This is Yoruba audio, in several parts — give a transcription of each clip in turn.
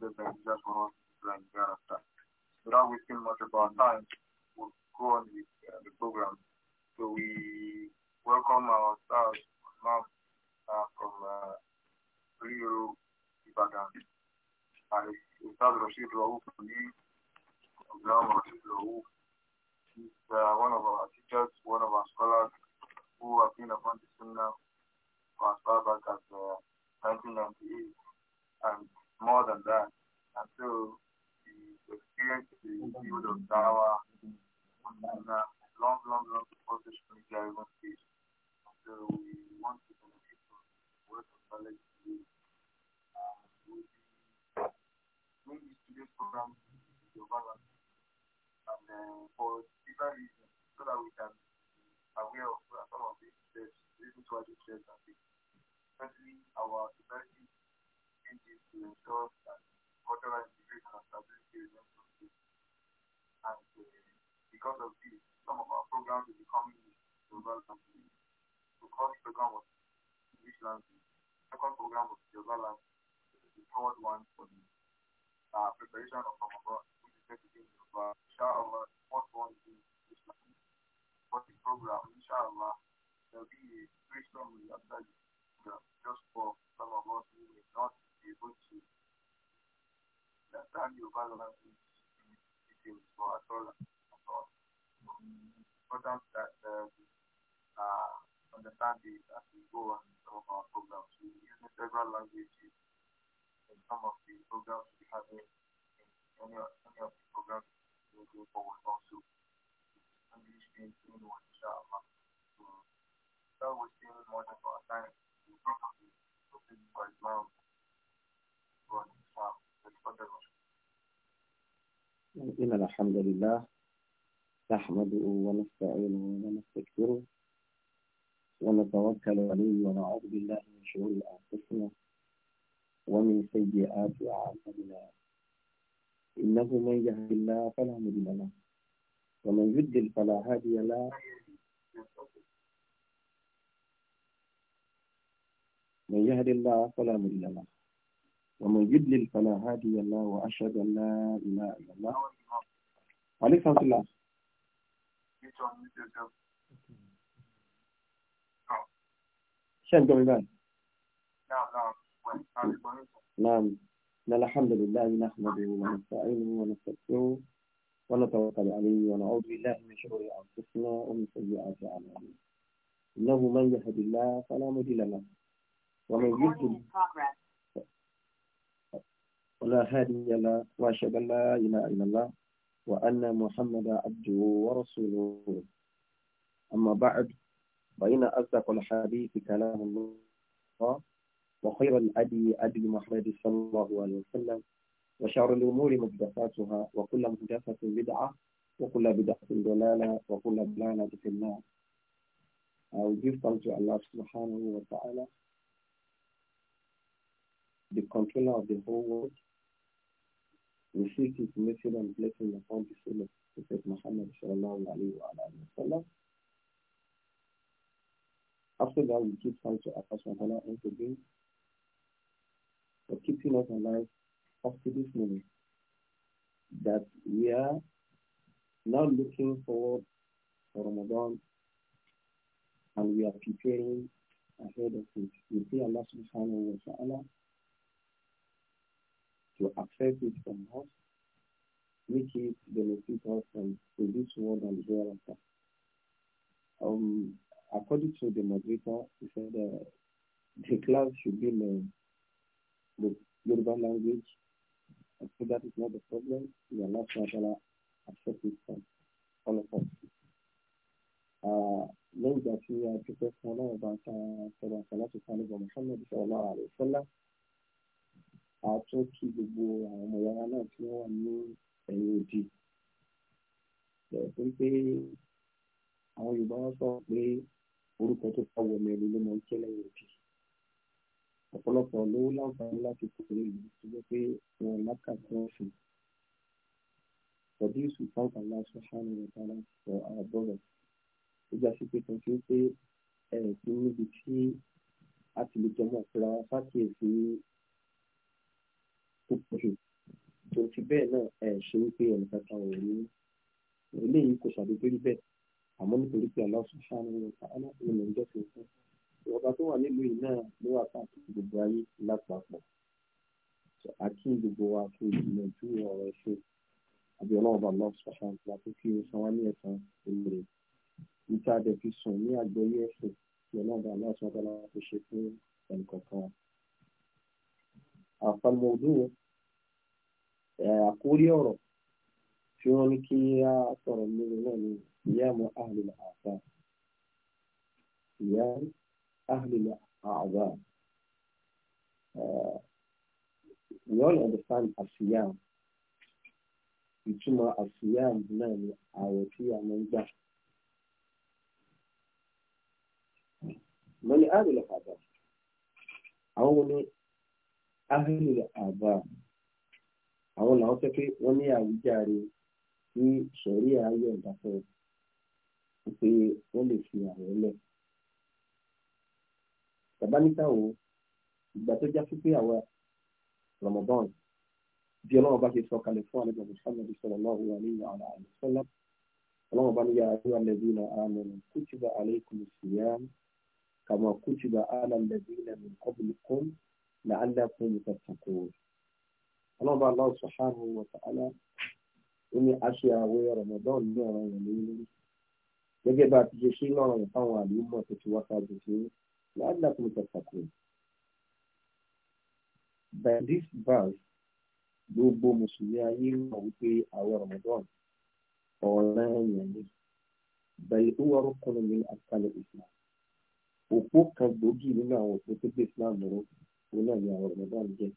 doing this and Without wasting much of our time, we'll go on with uh, the program. So we welcome our stars, Mom, uh, from uh, Rio, Ibadan. And start Rashid Raouf from Imam Rashid Raouf. He's uh, one of our teachers, one of our scholars who have been upon the Sunnah as far back as uh, 1998. And more than that. And so the experience the field of Dawa and a uh, long, long, long process from the Jarivan case. So we want to benefit from the work of knowledge today. Uh, we'll be doing this today's program in your balance and uh, for different reasons so that we can be aware of some of these steps, reasons why these steps are taken. Firstly, our society agency will stability And uh, because of this, some of our programs will be coming to The first program was English language. The second program was global, language. The third one for the uh, preparation of our which is taking in Inshallah, the fourth one is English language. For the program, inshallah, there will be a free summary just for some of us who may not able to understand your language details for at all about programs that um, uh, understand it as we go on some of our programs. We use several languages in some of the programs we have in any, of any of the programs we go forward also. English being in one, inshallah. So, that was still more of our time. We talk about the Islam. إن الحمد لله نحمده ونستعينه ونستكثره ونتوكل عليه ونعوذ بالله من شرور أنفسنا ومن سيئات أعمالنا إنه من يهد الله فلا مضل له ومن يضلل فلا هادي له من يهد الله فلا مضل له ومن يدلل فلا هادي له وأشهد أن لا إله إلا الله عليك رحمة الله شن قبل بعد نعم إن الحمد لله نحمده ونستعينه ونستغفره ونتوكل عليه ونعوذ بالله من شرور أنفسنا ومن سيئات أعمالنا إنه من يهد الله فلا مضل له ومن يضلل ولا هادي لا وأشهد أن لا إله إلا الله وأن محمدا عبده ورسوله أما بعد فإن أصدق الحديث كلام الله وخير الأدي أدي محمد صلى الله عليه وسلم وشر الأمور محدثاتها وكل محدثة بدعة وكل بدعة ضلالة وكل ضلالة في النار I will give thanks to Allah subhanahu wa ta'ala the controller of the whole world We seek his mercy and blessing upon the soul of Prophet Muhammad sallallahu alayhi wa sallam. After that, we keep trying to Allah subhanahu once again for keeping us alive up to this moment. That we are now looking forward for Ramadan and we are preparing ahead of it. We pray Allah subhanahu wa ta'ala to access it from us, make it beneficial us and in this world and hereafter. Um, according to the moderator, he said uh, the class should be in the Yoruba language. I think that is not the problem. We are not going to accept it from all of us. Uh, lẹ́yìn ìgbà tí a dúpẹ́ fún ọlọ́run bá ń ta ọ̀rọ̀ àṣà láti sáré bọ̀ Mùsùlùmí sallallahu alaihi wasallam. àtọ́ kí gbogbo àwọn ọmọ yàrá náà tí wọ́n wà ní ẹ̀yìn òdì ẹ̀sìn pé àwọn Yorùbá wọn sọ pé orúkọ tó bá wọ mẹ́rin ló máa ń jẹ́ lẹ́yìn òdì ọ̀pọ̀lọpọ̀ ló láǹfààní láti kókòrò ìlú tó jẹ́ pé wọn lákàtí wọn fi ọdún ìsù fáwọn aláṣọ sáré rẹ̀ dára for our ó já sí pé kan tí ó pé ẹ̀ẹ́dín níbi tí a ti lè jọmọ̀ pẹ̀lú àwọn sákìyèsí tó pọ̀ jù tó ti bẹ́ẹ̀ náà ẹ̀ ṣe wípé ẹnìkan kan ò rí eléyìí kò ṣàdédé rí bẹ́ẹ̀ àmọ́ nítorí pé Allah subhanahu wa ta'ala ló ń jẹ́ fún un ìwọ̀nba tó wà nílùú yìí náà ló wà káàkiri gbogbo ayé lápapọ̀ àti gbogbo wa fún ìgbìyànjú ọ̀rọ̀ ẹ̀ṣẹ̀ àbí ọlọ́ọ̀bà Allah subhanahu wa ta'ala tó kí oṣù wa ní ẹ̀sán ìmìrè níta dẹ̀ fi sùn ní àgbẹ̀yẹ ẹ̀sẹ̀ tí ọlọ́ọ̀bà Allah subhanahu wa ta'ala tó ṣe fún ẹnìkọ̀ọ̀kan wa àfàlùmọ̀dún àkórí ọ̀rọ̀ tí wọ́n ní kí á sọ̀rọ̀ lórí náà ni ìyáàmú ahlul àbá ìyáàmú ahlul àbá we all understand asiyam ìtumọ̀ asiyam náà ni ààwẹ̀ tí a máa ń gbà. mọ ni ahlul àbá àwọn wo ni áhìlì àbá àwọn làwọn fẹ́ pé wọ́n ní àwíjàre ní sọ̀rí ayọ̀ ìdáfẹ́ pé wọ́n lè fi àwọn lẹ̀. bàbá níta wo ìgbà tó já sí pé àwa Ramadan bí ọlọ́run bá ṣe sọ kalẹ̀ fún àlejò Muhammad sallallahu alaihi wa alihi wasallam ọlọ́run bá ní yà áyọ̀ alladhina amanu kutiba alaykumus siyam kama kutiba ala alladhina min qablikum la'allakum tattaqun ọlọ́ba Allah subhanahu wa ta'ala ó ní aṣọ àwẹ̀ Ramadan ní ọ̀rọ̀ yẹn lórí lórí gẹ́gẹ́ bá a ti ṣe ṣe lọ́rọ̀ yẹn fáwọn àlùmọ̀ tó ti wá sáájú sí la'allakum tattaqun by this verse gbogbo mùsùlùmí ayé mọ̀ wípé àwẹ̀ Ramadan ọ̀ràn yẹn ni bẹ̀rẹ̀ tó wọ́n rọ́kùnrin ní àkàlẹ̀ Islam òpó kan gbòógì nínú àwọn òpó tó gbé Islam lọ́wọ́ òun náà ni àwọn Ramadan jẹ́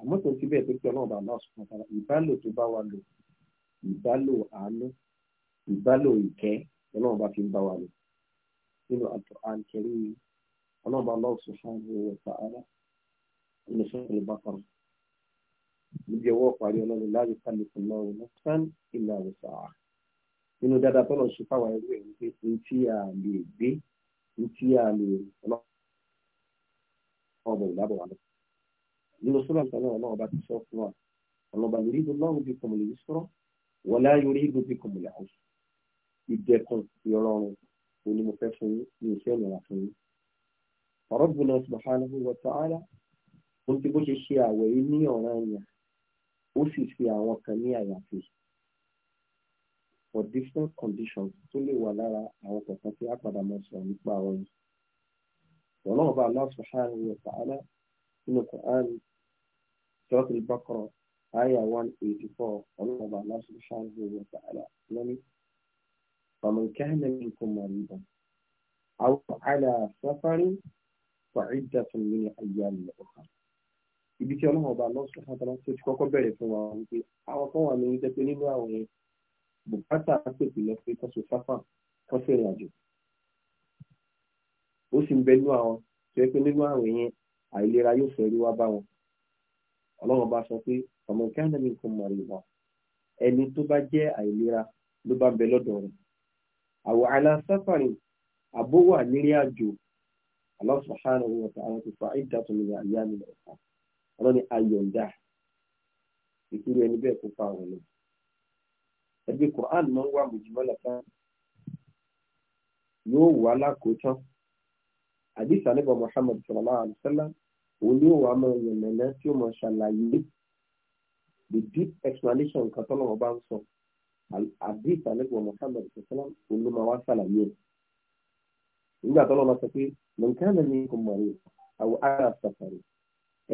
àmọ́ tó ti bẹ́ẹ̀ tó kí ọlọ́run bàbá ọ̀sùn kan ìbálò tó bá wa lò ìbálò àánú ìbálò ìkẹ́ ọlọ́run bá fi ń bá wa lò nínú àtọ̀ àǹkẹ́rí ọlọ́run bá lọ́ọ̀ sùn fún àwọn ọ̀rọ̀ sàárà nínú sọ́kùn ló bá kọ́ níbi ọwọ́ parí ọlọ́run láàyè kálí fún lọ́wọ́ lọ́sàn ìlà àwòsà nínú dáadáa tọ́lọ̀ ṣe fáwọn ẹrú ẹ̀ wípé ní tí a lè gbé ní tí a lè ọlọ́run ọbọ ìdábọ̀ wa lọ. nínú sọ́nà kan náà ọlọ́ọ̀bá ti sọ fún wa ọlọ́ọ̀bá yuridu Allahu bikum al-yusra wa la yuridu bikum al-usra. ìdẹ̀kùn ìrọ̀rùn òní mo fẹ́ fún yín ní iṣẹ́ ìnira fún yín. Rabbuna subhanahu wa ta'ala ó ti bó ṣe ṣe àwẹ̀ yìí ní ọ̀ràn yẹn ó sì fi àwọn kan ní àyàfi for different conditions tó lè wà lára àwọn kọ̀ọ̀kan tí a padà mọ̀ sọ̀rọ̀ nípa ọ̀rọ̀ yìí ọlọ́run bá Allah subhanahu wa ta'ala nínú Quran sọ́ọ̀tì Baqara àyà one eighty four ọlọ́run bá Allah subhanahu wa ta'ala lọ́ní faman kana minkum maridan aw ala safarin fa iddatun min ayyamin ukhra ibi tí ọlọ́run ọba Allah subhanahu wa ta'ala tó ti kọ́kọ́ bẹ̀rẹ̀ fún wa wípé àwọn kan wà ní ìjẹ́ nínú àwọn bùkátà pèpè lọ ó sì ń bẹnu àwọn tó yẹ pé nínú àwìn yẹn àìlera yóò fẹ́ rí wá bá wọn ọlọ́run bá sọ pé ọmọ ìka náà ní nǹkan mọ̀rẹ́ wà ẹni tó bá jẹ́ àìlera ló bá ń bẹ lọ́dọ̀ rẹ̀ àwọ̀ aláṣàfàrì àbó wà nílé àjò Allah subhanahu wa ta'ala ti fa iddatun min ayyamin ukhar ọlọ́run ni ayọ̀ǹda ìkúrú ẹni bẹ́ẹ̀ kó fa àwọn ọlọ́run ẹbí Quran máa ń wà mùjúmọ́lá fún yóò wà lákòótán àdìsí àlẹ́bọ̀ Muhammad sallallahu alayhi wa sallam òun ni òun àmọ́ ìyànnàná tí ó máa ṣàlàyé the deep explanation kan tọ́lọ̀ wọn bá ń sọ àdìsí àlẹ́bọ̀ Muhammad sallallahu alayhi wa sallam òun ló máa wá ṣàlàyé ẹ̀ nígbà tọ́lọ̀ máa sọ pé nǹkan náà ní kò mọ̀ rẹ̀ àwọn ará sàfàrì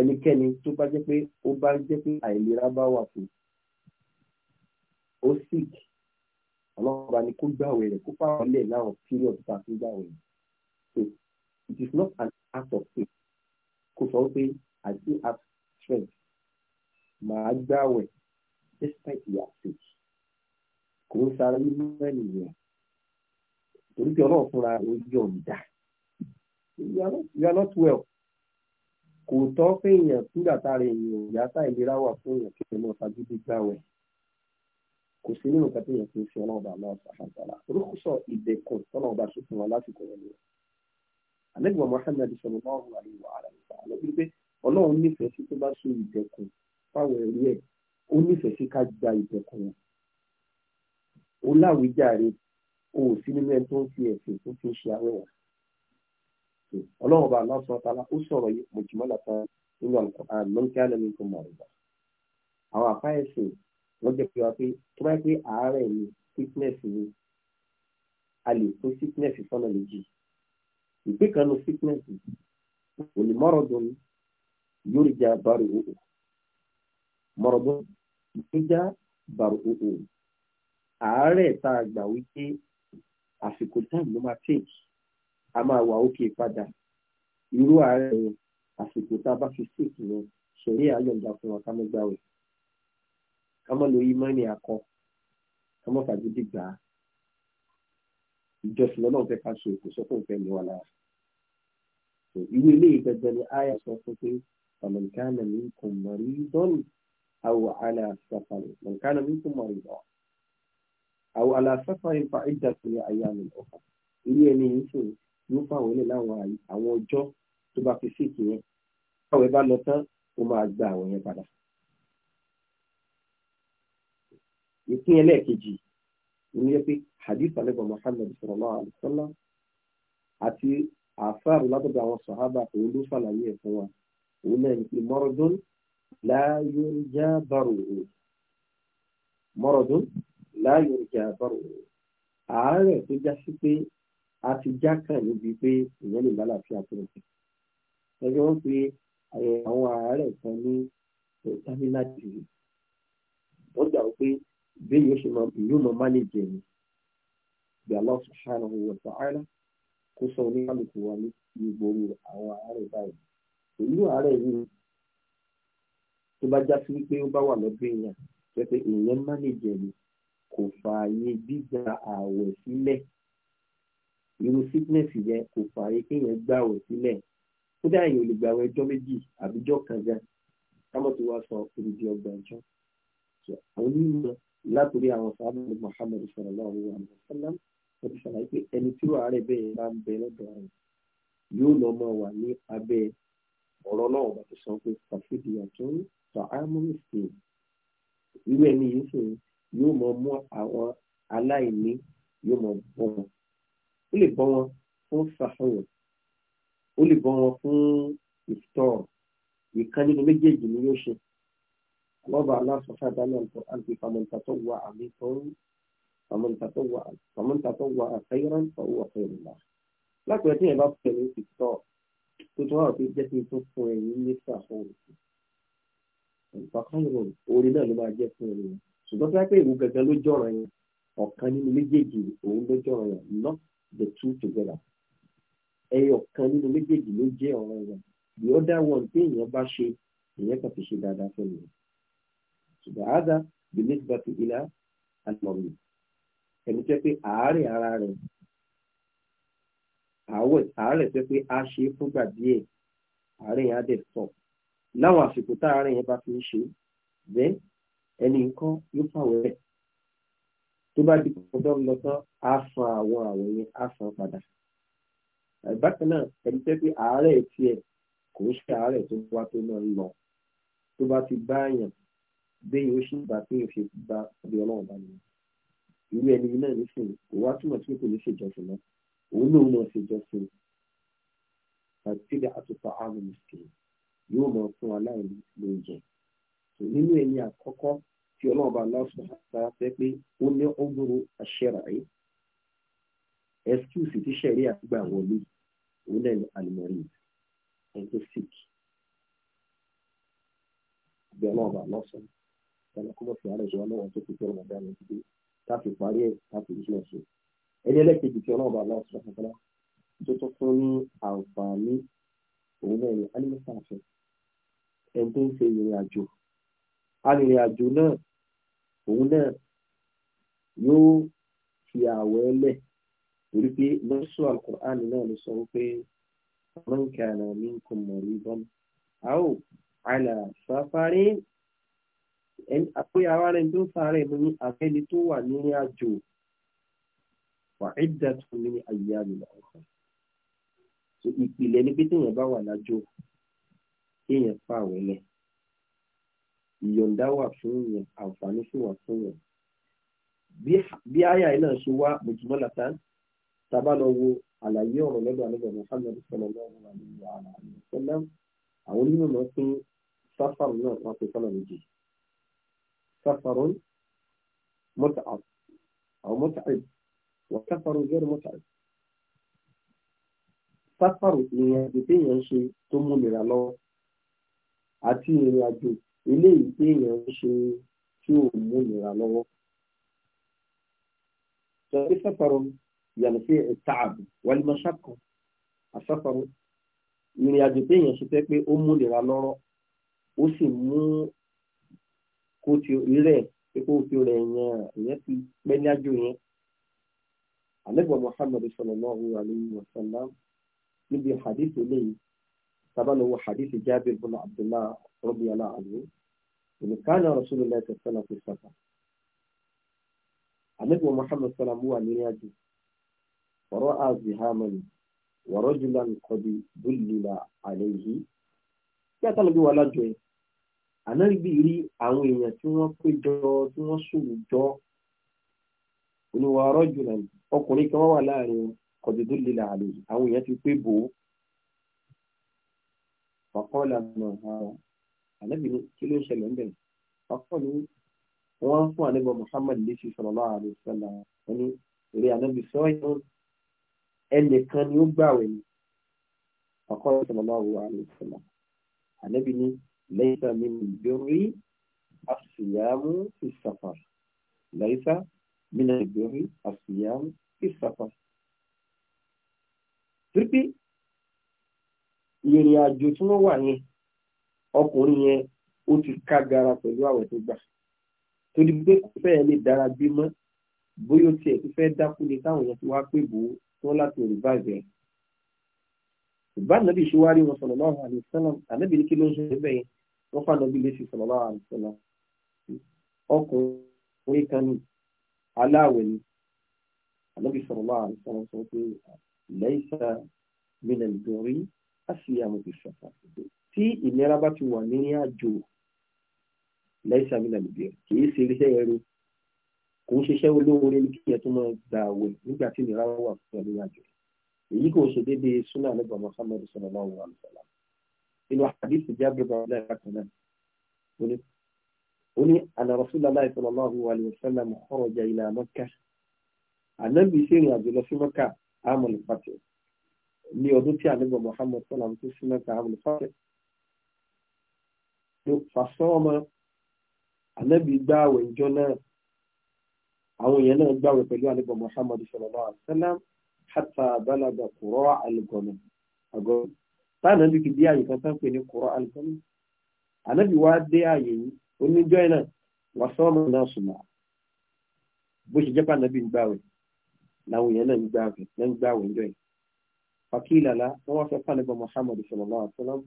ẹnikẹ́ni tó bá jẹ́ pé ó bá jẹ́ pé àìlera bá wà fún ó sick ọlọ́run bá ní kó gbàwé rẹ̀ kó fáwọn lẹ̀ láwọn period tá a fi gbàwé rẹ̀ it is not an act of faith kò sọ pé i still have strength màá gbàwẹ̀ despite your faith kò ń sara nínú ènìyàn torí pé ọlọ́run fúnra ojú ọ̀dà you are not well kò tọ́ pé èèyàn kúrò àtàrí èèyàn ìyá tá ìlera wà fún èèyàn kí ẹ mọ fagídí gbàwẹ̀ kò sí nínú kẹtẹ yẹn kò sí ọlọ́run bá lọ́wọ́ sàkàtà rúkúsọ ìdẹ̀kùn tọ́lọ́run bá ṣe fún wa lásìkò ẹ̀ nìyẹn àlẹ́gbà Muhammad sallallahu alaihi wa alihi wasallam wípé ọlọ́run nífẹ̀ẹ́ sí tó bá ṣe ìdẹ̀kùn fáwọn ẹ̀rí ẹ̀ ó nífẹ̀ẹ́ sí ká gba ìdẹ̀kùn wọn. ó láwíjàre o ò sí nínú ẹni tó ń fi ẹ̀sìn tó fi ń ṣe awẹ́wà. ọlọ́run bá aláṣọ ọ̀tàlá ó sọ̀rọ̀ yìí mọ̀jìmọ́lá kan nínú àlùkò àlùmí tó mọ̀ àwọn àpá ẹ̀sìn wọ́n jẹ́ pé wá pé tó bá yẹ pé àárẹ̀ ni sickness ni a lè kó sickness sọ́nà méjì ìgbé kan ní sickness òní mọ́rọ̀dún yóò já bàrù òwò mọ́rọ̀dún yóò já bàrù òwò àárẹ̀ tá a gbà wípé àsìkò táàmù ló máa tèkì a máa wà ókè padà irú àárẹ̀ yẹn àsìkò tá a bá fi sèkì yẹn ṣeré àyọ̀ǹda fún wa ká mọ́ gbà wẹ̀ ká mọ́ lo imọ́ ní akọ ká mọ́ fàgídí gbà á ìjọsìn lọ́nà fẹ́ ká ṣe kò sọ fún ìfẹ́ mi wà lára. ìwé eléyìí gbẹgbẹ ni aya sọ fún pé ọ̀nàmìkánà mi kò mọ̀rí dọ́nù àwọ̀ aláṣàfàrẹ̀ ọ̀nàmìkánà mi kò mọ̀rí dọ́nù àwọ̀ aláṣàfàrẹ̀ fa ìjà sílẹ̀ aya mi ọ̀fà. ilé ẹni yìí sùn yóò fà wọlé láwọn àwọn ọjọ́ tó bá fi síkì yẹn káwé bá lọ tán ó máa gba àwọn yẹn padà. ìpín ẹlẹ́ẹ̀kejì ní yẹ pé hadith alẹ́ bọ̀ Muhammad sallallahu alaihi wasallam àti àfáàrù látọ̀dọ̀ àwọn sàhábà òun ló ṣàlàyé ẹ̀ fún wa òun náà ní pé mọ́rọ̀dún láàyò já bàrò òun mọ́rọ̀dún láàyò já bàrò òun àárẹ̀ tó já sí pé a ti já kàn níbi pé ìyẹn lè lálàáfíà tó ń fi wọn pe àwọn àárẹ̀ kan ní terminal wọ́n gbà wípé bí yóò ṣe yóò mọ mánéjì ẹni bí Allah subhanahu wa ta'ala kó sọ oníkálukú wa ní ìgboro àwọn àárẹ̀ báyìí èyí àárẹ̀ yìí tó bá já sí wípé ó bá wà lọ́dún èèyàn jẹ́ pé èèyàn mánéjì ẹni kò fààyè gbígba ààwẹ̀ sílẹ̀ irú sickness yẹn kò fààyè kéèyàn gbà ààwẹ̀ sílẹ̀ kódà èèyàn ò lè gbà ààwẹ̀ ọjọ́ méjì àbíjọ́ kan gan kámọ́ tí wàá sọ odidi ọgbà ọjọ́ àwọn onímọ̀ látòrí àwọn sábàbí Muhammad sallallahu alaihi wa sallam wọ́n ti ṣàlàyé pé ẹni tí wàá rẹ̀ bẹ́ẹ̀ bá ń bẹ lọ́dọ̀ rẹ̀ yóò lọ máa wà ní abẹ́ ọ̀rọ̀ náà wọ́n ti sọ pé fàfídì àtún tààmùsì irú ẹni yìí sì yóò máa mú àwọn aláìní yóò máa bọ́ wọn ó lè bọ́ wọn fún sàhùn ó lè bọ́ wọn fún ìtọ́ ìkan méjèèjì ni yóò ṣe Allah Allah SWT dalam Quran di faman tatawwa amikum faman tatawwa faman tatawwa khairan fa huwa khairullah. Lápẹ̀ tí ẹ bá pẹ̀lú ìtọ́ tó tọ́ àwọn tó jẹ́ pé tó fún ẹ̀yìn ní sàfún òkú. Ìpàkọ́ ìrọ̀rùn orin náà ló máa jẹ́ fún ẹ̀yìn. Ṣùgbọ́n tí wọ́n pé ìwú gẹ́gẹ́ ló jọ̀rọ̀ yẹn ọ̀kan nínú méjèèjì òun ló jọ̀rọ̀ yẹn not the two together. Ẹyọ kan nínú méjèèjì ló jẹ́ ọ̀rọ̀ yẹn. The other one tí èèyàn bá ṣe èèyàn kàn fi ṣe dáadáa fún ẹ̀yìn. هذا بالنسبة إلى المريض ẹni tẹ́ pé àárẹ̀ ara rẹ̀ àárẹ̀ tẹ́ pé a ṣe fúngbà díẹ̀ àárẹ̀ yẹn á dẹ̀ sọ láwọn àsìkò tá àárẹ̀ yẹn bá fi ń ṣe bẹ́ẹ̀ ẹni nǹkan yóò fàwẹ̀ rẹ̀ tó bá di ọ̀dọ̀ lọ tán á san àwọn àwẹ̀ yẹn á san padà bákan náà ẹni tẹ́ pé àárẹ̀ tiẹ̀ kò ń ṣe àárẹ̀ tó wá tó náà lọ tó bá ti bá yàn bẹ́ẹ̀ yóò ṣì gbà pé òṣè gba ọdẹ ọlọ́run bá nìyẹn irú ẹni náà nísìnyí kò wá túmọ̀ sí pé kò ní ṣèjọsìn náà òun lòun náà ṣèjọsìn àtìlẹ̀ àtúntò àrùn mùsùlùm yóò mọ̀ fún aláìní lóúnjẹ tó nínú ẹni àkọ́kọ́ tí ọlọ́run bá lọ́sùn àtàrà fẹ́ pé ó ní ọgbọ́rọ̀ àṣẹrà yìí excuse ti ṣẹ̀rí àgbà wọlé òun náà ní alimọ̀rì ẹni tó sick bí ọlọ́run bá lọ́sùn kọ́lá kó mọ̀ sí àárẹ̀ ìṣòwò náà tó ti tó ọmọ dáná títí láti parí ẹ̀ láti ìṣúná ṣe. ẹni ẹlẹ́kejì tí ọlọ́ọ̀bà aláwọ̀ sọ fún kọ́lá tó tó fún ní àǹfààní òun náà ní alimọ́sá àfẹ́ ẹni tó ń ṣe ìrìn àjò arìnrìn àjò náà òun náà yóò fi àwọ̀ ẹlẹ̀ torí pé lọ́sọ̀ alukur'an náà ló sọ wípé man kana minkum maridan aw ala pé ara rẹ̀ tó ń sáré mu ní àfẹ́ni tó wà ní àjò wà ẹ̀dá tó ní ayé àlùmọ̀ ọ̀kan. ìpìlẹ̀ ni pé téèyàn bá wà lájò kéèyàn pa àwọn ẹlẹ́ ìyọ̀ǹda wà fún yẹn àǹfààní sì wà fún yẹn. bí àyà yìí náà ṣe wá mùtúmọ́ làtà tábà lọ wo àlàyé ọ̀rọ̀ lọ́dọ̀ àlejò Muhammad sallallahu alaihi wa alihi wasallam àwọn onímọ̀ náà pín sáfàrù náà wọ́n pe sọ́nà méjì. سفر متعب أو متعب وسفر غير متعب سفر ìrìn àjò téèyàn ń ṣe tó múnira lọ́wọ́ àti ìrìn àjò eléyìí téèyàn ń ṣe tí ò múnira lọ́wọ́. sọ̀rọ̀ سفر ينفي التعب والمشقة السفر ìrìn àjò téèyàn ṣe tẹ́ pé ó múnira lọ́rọ̀ ó sì mú kó ti rírẹ̀ epo òfin rẹ̀ yẹn ìyẹn ti pẹ́ ní àjò yẹn. àlẹ́gbọ̀n Muhammad sallallahu alayhi wa sallam níbi hadith eléyìí tábàlówó hadith Jabir bin Abdullah radiyallahu anhu ìnìkanà rasulillah sallallahu alayhi wa sallam. àlẹ́gbọ̀n Muhammad sallam wà ní àjò ọ̀rọ̀ azihamani wọ̀rọ̀ jùlọ nǹkan bíi bùlìlà àlẹ́ yìí. kí àtàlùbí wà lájọ yìí ànábì rí àwọn èèyàn tí wọ́n pé jọ tí wọ́n sùn jọ olùwà ọ̀rọ̀ jùlọ ọkùnrin kan wà láàrin kọ̀dùdú lílà àlè àwọn èèyàn ti pé bò ó fàkọ́lá nà ara ànábì ní kí ló ń ṣẹlẹ̀ ńbẹ̀ fàkọ́ ni wọ́n fún ànábì Muhammad lẹ́sìn sallallahu alaihi wasallam wọn èrè ànábì sọ́yìn ẹnìkan ni ó gbàwẹ̀ ni fàkọ́lá sallallahu alaihi ànábì ní. ليس من البر الصيام في السفر ليس من البر الصيام في السفر pípí ìrìn àjò tí wọ́n wà yẹn ọkùnrin yẹn ó ti ká gara pẹ̀lú àwẹ̀ tó gbà torí pé kò fẹ́ẹ̀ lè dára bí mọ́ bóyá tiẹ̀ tó fẹ́ dákú ni táwọn èèyàn ti wá pè bò ó tó láti rìbáàzì ẹ̀. ìbánabi ṣe wá rí wọn sallallahu alaihi wasallam ànábì ní kí ló ń ṣe bẹ́ẹ̀ yẹn wọ́n fànàbí lè ṣe sọ̀rọ̀ àrùsọ̀lá ọkùnrin kan ní aláwẹ̀ ni ànábì sọ̀rọ̀ àrùsọ̀lá sọ pé lẹ́yìnsá mílẹ̀ lórí àṣìyàmù ìṣọ̀fà tí ìlera bá ti wà ní àjò lẹ́yìnsá mílẹ̀ lórí kì í ṣe iṣẹ́ ẹrú kò ń ṣiṣẹ́ olóore ní kíyẹn tó máa gbà àwẹ̀ nígbà tí ìlera wà pẹ̀lú àjò èyí kò ṣe déédéé súnà nígbà Muhammad sọ̀rọ̀ àrùsọ̀lá إنه حديث جابر بن عبد الله كمان وني أن رسول الله صلى الله عليه وسلم خرج إلى مكة النبي سيري عبد الله في مكة عام الفتح ni ọdún tí àlẹ́gbọ̀n Muhammad sọ́làm tó sí mẹ́ta amúlùfáàfẹ́ ló fàṣọ ọmọ ànábì gba àwẹ̀ ìjọ náà àwọn èèyàn náà gbàwẹ̀ pẹ̀lú àlẹ́gbọ̀n Muhammad sọ́làm sọ́làm hàtà balaga kúrọ́ àlùgọ́nà àgọ́nà táwọn àbí fi dé àyè kan tán pè ní kọ̀rọ̀ alùpàmù ànábì wá dé àyè yìí oníjọ́ iná wà sọ́ọ̀mù náà sùnmà bó ṣe jẹ́pà ànábì ń gbàwẹ̀ làwọn èèyàn náà ń gbàwẹ̀ náà ń gbàwẹ̀ ń jọ yìí fakilala wọn wá fẹ́ pàdé bọ́ Muhammadu sallallahu alaihi wasallam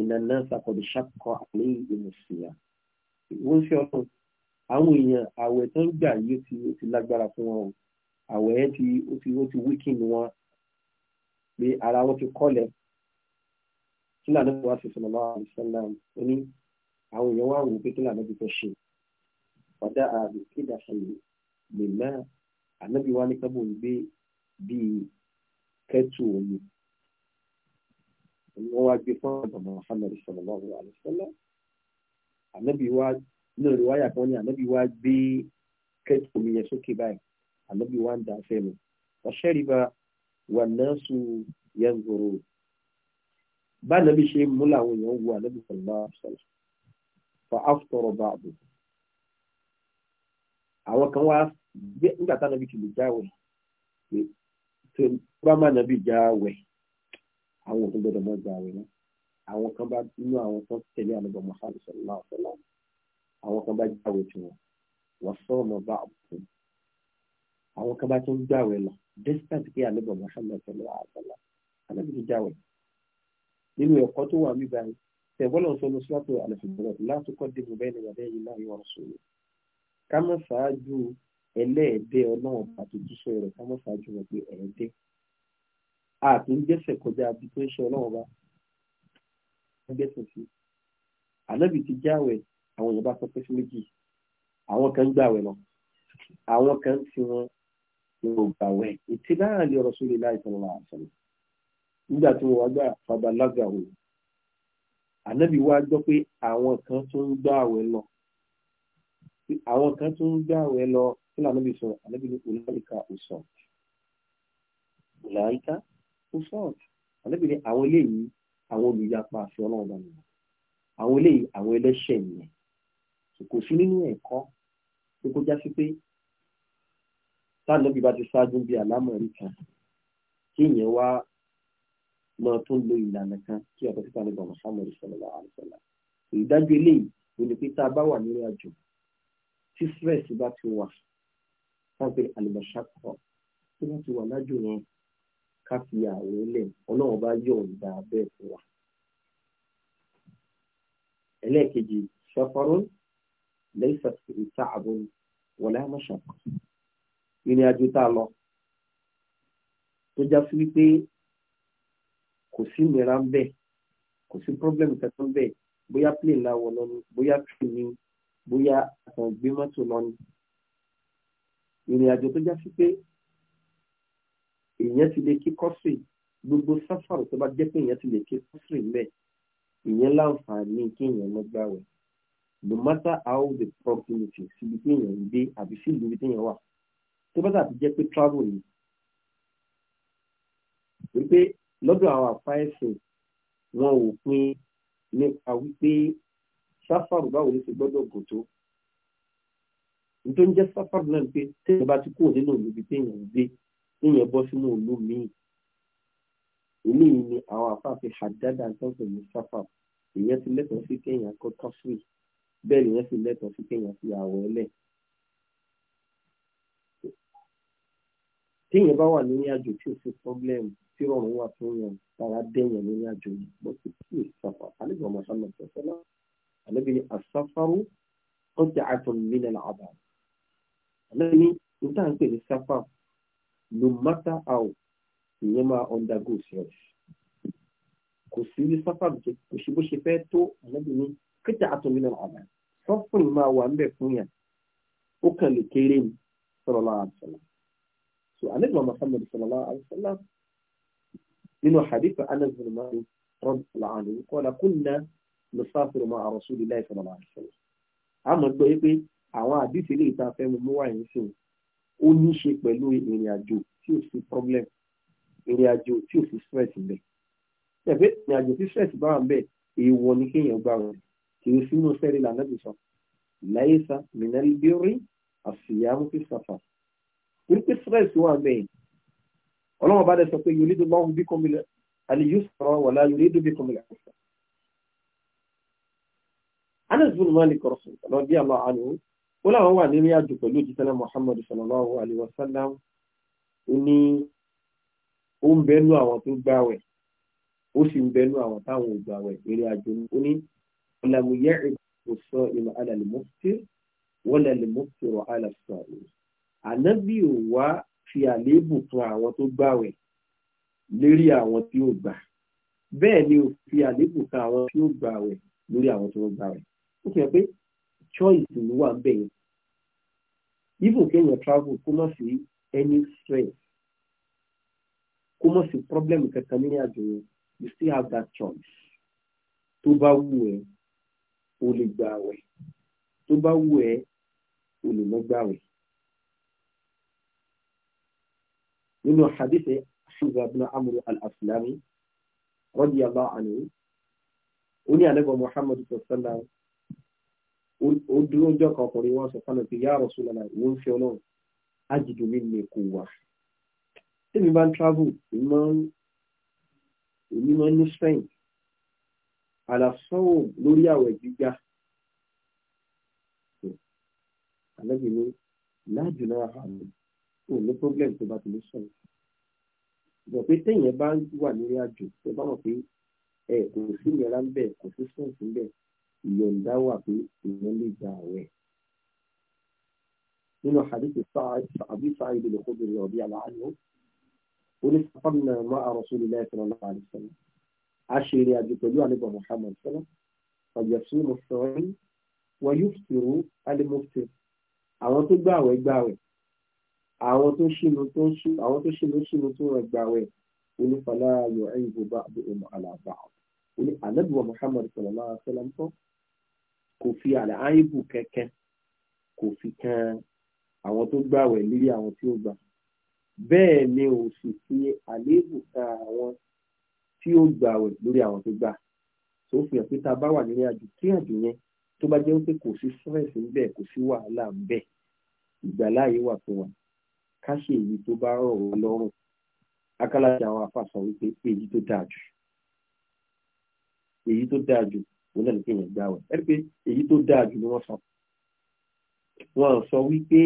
ìnànà sàkọ̀dù sàkọ̀ àlẹ́ ìmùsìyà wọ́n fi ọlọ́run àwọn èèyàn àwẹ̀ tó ń gbà yìí ti ti lágbára fún wọn o àwẹ̀ ẹ̀ ti ó ti ó ti wíkìn wọn pé ara wọn ti kọ́lẹ̀ kílà náà wá sí sọlọ́lá àlùsọ́lá oní àwọn èèyàn wá wò pé kílà náà ti fẹ́ ṣe padà ààbò kéde àṣàyè lè má ànábì wá ní kábò ń gbé bíi kẹ́tù omi wọ́n wá gbé fún àbàmọ́ Muhammad sọlọ́lá àlùsọ́lá ànábì wá náà rí wáyà ní ànábì wá gbé kẹ́tù omi yẹn sókè báyìí ànábì wá ń dà sẹ́nu ọ̀ṣẹ́ rí bá wà náà sùn yẹn gbòòrò bá nàbí ṣe mú làwọn èèyàn wo ànábì sallallahu alaihi wasallam fa aftara ba'du àwọn kan wá gbé nígbà tá nàbí kìlì jáwé tó bá má nàbí jáwé àwọn òkú gbọ́dọ̀ mọ jáwé náà àwọn kan bá inú àwọn kan tẹ̀lé ànábì Muhammad sallallahu alaihi wasallam àwọn kan bá jáwé tiwọn wọ́n sọ̀rọ̀ bá àbùkù àwọn kan bá tún jáwé lọ despite pé ànábì Muhammad sallallahu alaihi nínú ẹ̀kọ́ tó wà nígbà yìí tẹ̀gbọ́lọ̀ sọ lọ síwájú àlẹ́fẹ̀gbọ́lọ̀ láti kọ́ dé bùbẹ́ ní bàbá yìí láàyò ọ̀rọ̀ sọ̀rọ̀ ká mọ̀ ṣáájú ẹlẹ́ẹ̀dẹ́ ọlọ́run àti jíṣẹ́ rẹ̀ ká mọ̀ ṣáájú rẹ̀ pé ẹ̀ẹ́dẹ́ àti ń gbẹ́sẹ̀ kọjá àti tó ń ṣe ọlọ́run bá ń gbẹ́sẹ̀ sí ànábì ti jáwẹ̀ àwọn èèyàn sọ pé sí méjì àwọn kan gbàwẹ̀ lọ àwọn kan tí wọn ò gbàwẹ̀ ìtìláàlì ọ̀rọ̀ sórí láì sọ̀rọ̀ nígbà tí wọ́n wá gbà fàbàlágà wò ànábì wá gbọ́ pé àwọn kan tún ń gbà àwẹ̀ lọ àwọn kan tún ń gbà àwẹ̀ lọ kí làwọn ànábì sọ ànábì ní ọláìka ọsàn ọláìka ọsàn ànábì ní àwọn eléyìí àwọn olùyapa àfi ọlọ́run bá nìyẹn àwọn eléyìí àwọn ẹlẹ́ṣẹ̀ nìyẹn kò sí nínú ẹ̀kọ́ tó kọjá sí pé táàlọ́bì bá ti ṣáájú bí àlámọ̀rí kan kí ìyẹn wá máa tún lo ìlànà kan kí ọkọ títà nígbà Muhammadu sallallahu alaihi wasallam ìdájọ́ eléyìí òní pé tá a bá wà nínú àjò tí stress bá ti wà sáfẹ àlùbọ̀sàkọ tí wọ́n ti wà lájò yẹn ká fi àwẹ̀ ọlọ́run bá yọ̀ ìgbà bẹ́ẹ̀ fún wa. ẹlẹ́ẹ̀kejì safarun laysa fihi ta'abun wala mashaqqa ìrìn àjò tá a lọ tó já sí wípé kò sí ìlera ń bẹ̀ kò sí problem kankan ń bẹ̀ bóyá plane la wọ̀ lọ́nu bóyá train ni bóyá àwọn gbé mọ́tò lọ́nu. ìrìn àjò tó já sí pé èèyàn ti lè kí kọ́sì gbogbo sáfàrò tó bá jẹ́ pé èèyàn ti lè kí kọ́sì mẹ́ ìyẹn láǹfààní kí èèyàn mọ́ gbàwẹ̀ no matter how the proximity síbi tí èèyàn ń gbé àbí sí ìlú tí èèyàn wà tó bá dàbí jẹ́ pé travel ni wípé lọ́dọ̀ àwọn àpá ẹ̀sìn wọn ò pin nípa wípé sáfàrù báwo ló ti gbọ́dọ̀ gùn tó nítorí jẹ́ sáfàrù náà pé téèyàn bá ti kúrò nínú ìlú ibi téèyàn ń gbé téèyàn bọ́ sínú ìlú míì eléyìí ni àwọn àfáàfin àdáda àtọ́sọ̀ ní sáfàrù èèyàn ti lẹ́tọ̀ọ́ sí kéèyàn kọ́ kásùwì bẹ́ẹ̀ ni wọ́n sì lẹ́tọ̀ọ́ sí kéèyàn fi àwọ̀ ẹlẹ́ẹ̀. téèyàn bá wà lórí àjò tí ò sí problem tí rọrùn wà fún yàn tara dẹ́yàn lórí àjò yìí bó ti kí ìsàfà àlejò ọmọ sálọ sọsọlá àlejò ni àsáfárú ó jẹ àtọ nílẹ̀ làbà àlejò ni níta ń pè ní sáfà no matter how ìyẹn máa undergo search kò sí ní sáfà kò sí bó ṣe fẹ́ tó àlejò ni kíjà àtọ nílẹ̀ làbà sọfún máa wà ń bẹ fún yàn ó kàn lè kéré ni sọlọ lára so anagba muhammad sallallahu alaihi wa sallam nínú hadith anas bin malik radiyallahu anhu qala kunna nusafiru ma'a rasulillahi sallallahu alaihi wa sallam a mọ̀ gbọ́ pé àwọn àdìsí ilé ìta fẹ́ mu wà yín sìn ó ní ṣe pẹ̀lú ìrìn àjò tí ò sí problem ìrìn àjò tí ò sí stress bẹ̀ ẹ̀fẹ́ ìrìn àjò tí stress bá wà bẹ́ẹ̀ èèwọ̀ ni kéèyàn gbà wọn kì í sínú sẹ́rí lànà bìsọ̀ láyé sa mìnàlíbírí àṣìyàmù fi sàfà torí pé stress wà bẹ́ẹ̀ ọlọ́run bá dẹ̀ sọ pé yòlídò lọ́hùn bí kòmìlẹ̀ àlìyó sọ̀rọ̀ wà láyò yòlídò bí kòmìlẹ̀ àṣà. anas bin malik rọ̀sùn lọ bí àlọ́ àlọ́ ó láwọn wà nínú àjò pẹ̀lú òjísẹ́lẹ̀ muhammadu sallallahu alayhi wa sallam ó ní ó ń bẹ́nu àwọn tó gbàwẹ̀ ó sì ń bẹ́nu àwọn táwọn ò gbàwẹ̀ eré àjò ó ní ọ̀làmùyẹ́ ìgbà kò sọ ìmọ̀ alàlùmọ́sí wọ́n làlùmọ́sí rọ̀ alàṣọ ànábì ò wá fi àléébù fún àwọn tó gbàwẹ̀ lérí àwọn tí ó gbà bẹ́ẹ̀ ni ò fi àléébù fún àwọn tí ó gbàwẹ̀ lórí àwọn tó gbàwẹ̀ ó fi hàn pé choice ló wà ń bẹ̀ yẹn even kéèyàn travel kó má sí any stress kó má sí problem kankan nínú àjò yẹn you still have that choice tó bá wù ẹ́ o lè gbàwẹ̀ tó bá wù ẹ́ o lè má gbàwẹ̀. nínú hadith ṣùgbọ́n ibn amr al-aslami radiyallahu anhu ó ní àlẹ́gbọ̀ muhammadu sọ̀tẹ́lá ó dúró jọ́ kan ọkùnrin wọn sọ fánà pé ya Rasulullah ìwọ́n fi ọlọ́run ájìdù mi lè kó wà tèmi bá ń travel èmi máa ń ní strength àlàsánwò lórí àwẹ̀ gbígbà àlẹ́gbẹ̀ẹ́ láàjù náà àmì ò ní problem tó bá ti lè sọ̀rọ̀ ìgbà pé téèyàn bá wà nílé àjò tó bá mọ̀ pé ẹ kò sí ìlera ń bẹ kò sí sọ̀tún ń bẹ ìyọ̀ǹda wà pé èèyàn lè gba àwẹ̀ nínú hadithi àbí sáàyè lè kó bèrè ọ̀bí aláàánú ó ní sáfàmìnà mọ́ àròsùn ilé ẹ̀sìn ọ̀nà àdìsọ́nà a ṣe ìrìn àjò pẹ̀lú àlebọ̀ Muhammad sọ́nà ọ̀jọ̀sùn mùsùlùmí wọ́n yóò fìrú alẹ́ mọ́fìtì àwọn tó gbàwẹ̀ gbàwẹ̀ àwọn tó ṣìnú tó ṣì àwọn tó ṣìnú ṣìnú tó rẹ gbàwẹ̀ onífàlà ayọ ẹyìn bó bá àbí ọmọ àlàbà oní ànábìwọ Muhammad sallallahu alaihi wasallam tó kò fi àlẹ àyìnbù kẹkẹ kò fi kan àwọn tó gbàwẹ̀ lórí àwọn tí ó gbà bẹ́ẹ̀ ni ò sì fi àléébù kan àwọn tí ó gbàwẹ̀ lórí àwọn tó gbà tó fi hàn pé tá a bá wà nílé àjò kí àjò yẹn tó bá jẹ́ pé kò sí stress ńbẹ̀ kò sí wàhálà ńbẹ̀ ìgbàláyé wà fún wa ká ṣe èyí tó bá rọ̀ wọ́n lọ́rùn akálàjà àwọn afáàsọ wípé èyí tó dáa jù èyí tó dáa jù òun náà ní kí èèyàn gbà wẹ̀ ẹ́ pé èyí tó dáa jù ni wọ́n sọ wọ́n sọ wípé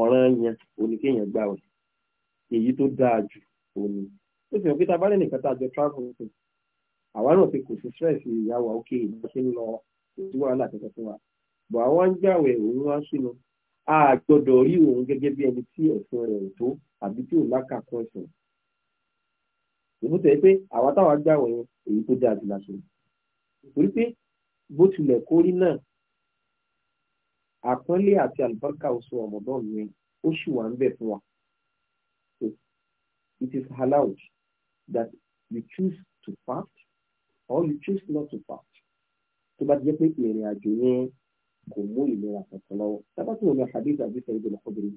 ọ̀ràn yẹn òun ní kí èèyàn gbà wẹ̀ èyí tó dáa jù òun ni ó sì hàn pé tábàlẹ̀ nìkan tá a jọ travel to àwa náà pé kò sí stress ìyá wa òkè ìbọn ń lọ kò sí fún wa bọ̀ àwa ń gbà wẹ̀ òun wá sínú a gbọ́dọ̀ rí òun gẹ́gẹ́ bí ẹni tí ẹ̀sìn rẹ̀ ò tó àbí tí ò lákàkún ẹ̀sìn ìmúṣẹ pé àwa táwa gbà wọ̀nyẹn èyí tó dáa jù láṣẹ torí pé bó tilẹ̀ kó náà àpọ́nlé àti àlùbáríkà oṣù ọmọdún mi ó sì wà ń bẹ̀ fún wa it is allowed that you choose to fast or you choose not to fast tó bá jẹ́ pé ìrìn àjò yẹn kò mú ìlera kankan lọ́wọ́ sábàtì wọn ni hadith Abi Sa'id al-Khudri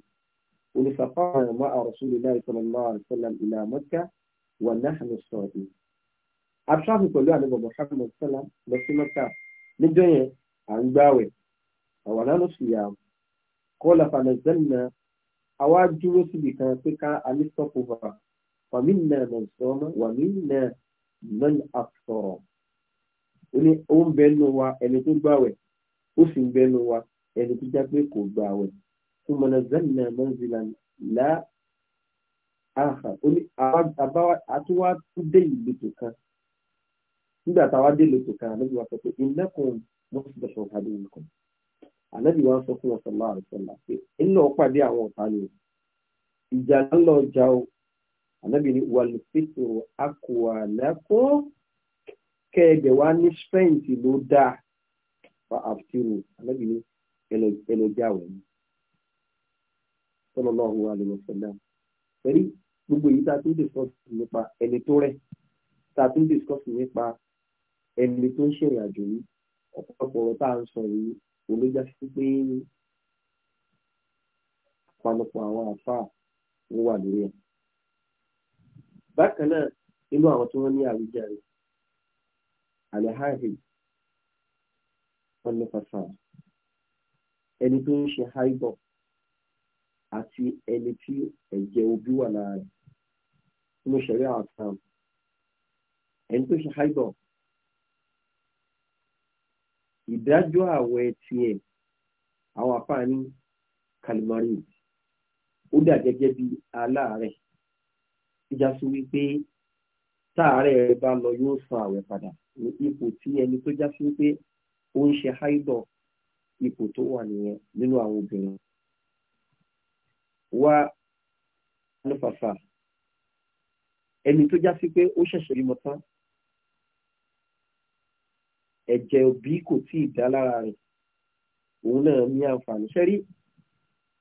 olùfàfàràn mọ́ Rasulillahi sallallahu alaihi wasallam ila Makkah wa nahnu sọ̀dí. àtúràfù pẹ̀lú àdébọ̀ Muhammad sallam lọ sí Mẹ́kà níjọ́ yẹn à ń gbáwẹ̀ àwọn nánú sì yà kọ́lá fanazalna àwa dúró síbi kan pé ká alẹ́ sọ́kù fà wàmínà mọ̀sọ́mọ́ wàmínà mọ́n àfọ̀rọ̀ ó ní ó ń bẹ́ẹ̀ nù wa ẹni tó gbáwẹ̀ ó sì ń bẹnu wa ẹni tó já pé kò gba àwẹ̀ tó mọ̀nà zanna manzila la aha ó ní àbáwá àtúwá tó dé ìletò kan nígbà táwa dé ìletò kan ànábì wa sọ pé ìnákùn mọ́sídẹ̀ṣọ̀ ọ̀hádé nìkan ànábì wa sọ fún ọ̀sán láàrín sọ́la pé iná pàdé àwọn ọ̀tá ni ìjà ńlọ ọjà o ànábì ní wàlúfẹ́tò akọ̀wàlẹ́kọ̀ọ́ kẹ́ẹ̀dẹ̀ wa ní strength ló dáa fa àfitìrù anábì ní ẹlọjẹ àwẹ̀ ni sallallahu alaihi wasallam pẹ̀lú gbogbo èyí tá a tún discuss nípa ẹni tó rẹ̀ tá a tún discuss nípa ẹni tó ń ṣèrìn àjò yìí ọ̀pọ̀lọpọ̀ ọ̀rọ̀ tá à ń sọ yìí olójà sí pé ọ̀pọ̀lọpọ̀ àwọn àfáà ń wà lórí ẹ̀. bákan náà nínú àwọn tí wọ́n ní àwíjàre àlẹ́ hàhìn kọ́lẹ́fàfà ẹni tó ń ṣe háìbọ̀ àti ẹni tí ẹ̀jẹ̀ obi wà lára rẹ̀ nínú ṣẹ̀ríà àtàm ẹni tó ṣe háìbọ̀ ìdájọ́ àwẹ̀ tiẹ̀ àwọn àfààní kalimari ó dà gẹ́gẹ́ bí aláàárẹ̀ ìjà sí wípé táàárẹ̀ rẹ̀ bá lọ yóò san àwẹ̀ padà ní ipò tí ẹni tó já sí wípé ó ń ṣe haidọ̀ ipò tó wà nìyẹn nínú àwọn obìnrin wá nífàfà ẹni tó já sí pé ó ṣẹ̀ṣẹ̀ bímọ tán ẹ̀jẹ̀ òbí kò tí ì dá lára rẹ̀ òun náà ní àǹfààní ṣẹ́rí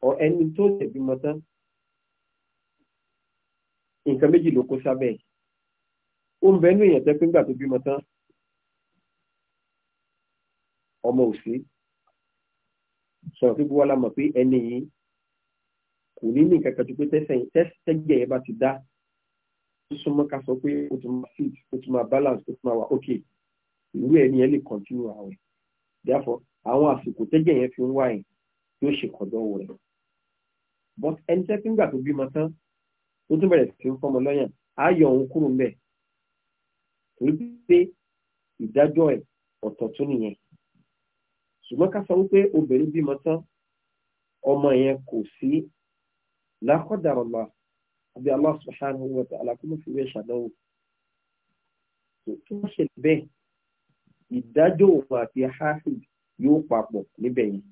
ọ ẹni tó ṣẹ̀ bímọ tán nǹkan méjì ló kó sábẹ́ ó ń bẹ́ẹ̀ ní èèyàn tẹ́ pé ńgbà tó bímọ tán ọmọ òṣè sọ̀rọ̀ pípé wọ́n la mọ̀ pé ẹni yìí kò ní ní kankan ju pé tẹ́sẹ̀yìn tẹ́sẹ̀jẹ̀ ẹ bá ti dá sísúnmọ́ ká sọ pé ó ti máa fit ó ti máa balance ó ti máa wà ok ìlú ẹ̀ ni ẹ lè continue àwẹ̀ therefore àwọn àsìkò tẹ́jẹ̀ yẹn fi ń wá yẹn yóò ṣe kọ̀dọ̀ rẹ̀ but ẹni tẹ́ fi ń gbà tó bímọ tán ó tún bẹ̀rẹ̀ sí ń fọmọ lọ́yàn á yọ òun kúrò ńbẹ̀ torí pé ìdájọ́ ẹ̀ ọ̀tọ̀ tún nìyẹn ṣùgbọ́n ká sọ wípé obìnrin bímọ tán ọmọ yẹn kò sí lákọ̀dàrọ̀lá àbí Allah subhanahu wa ta'ala kó mọ̀ fi wé ṣàdánwò tó tó ṣe bẹ́ẹ̀ ìdájọ́ òun àti hafid yóò papọ̀ níbẹ̀ yẹn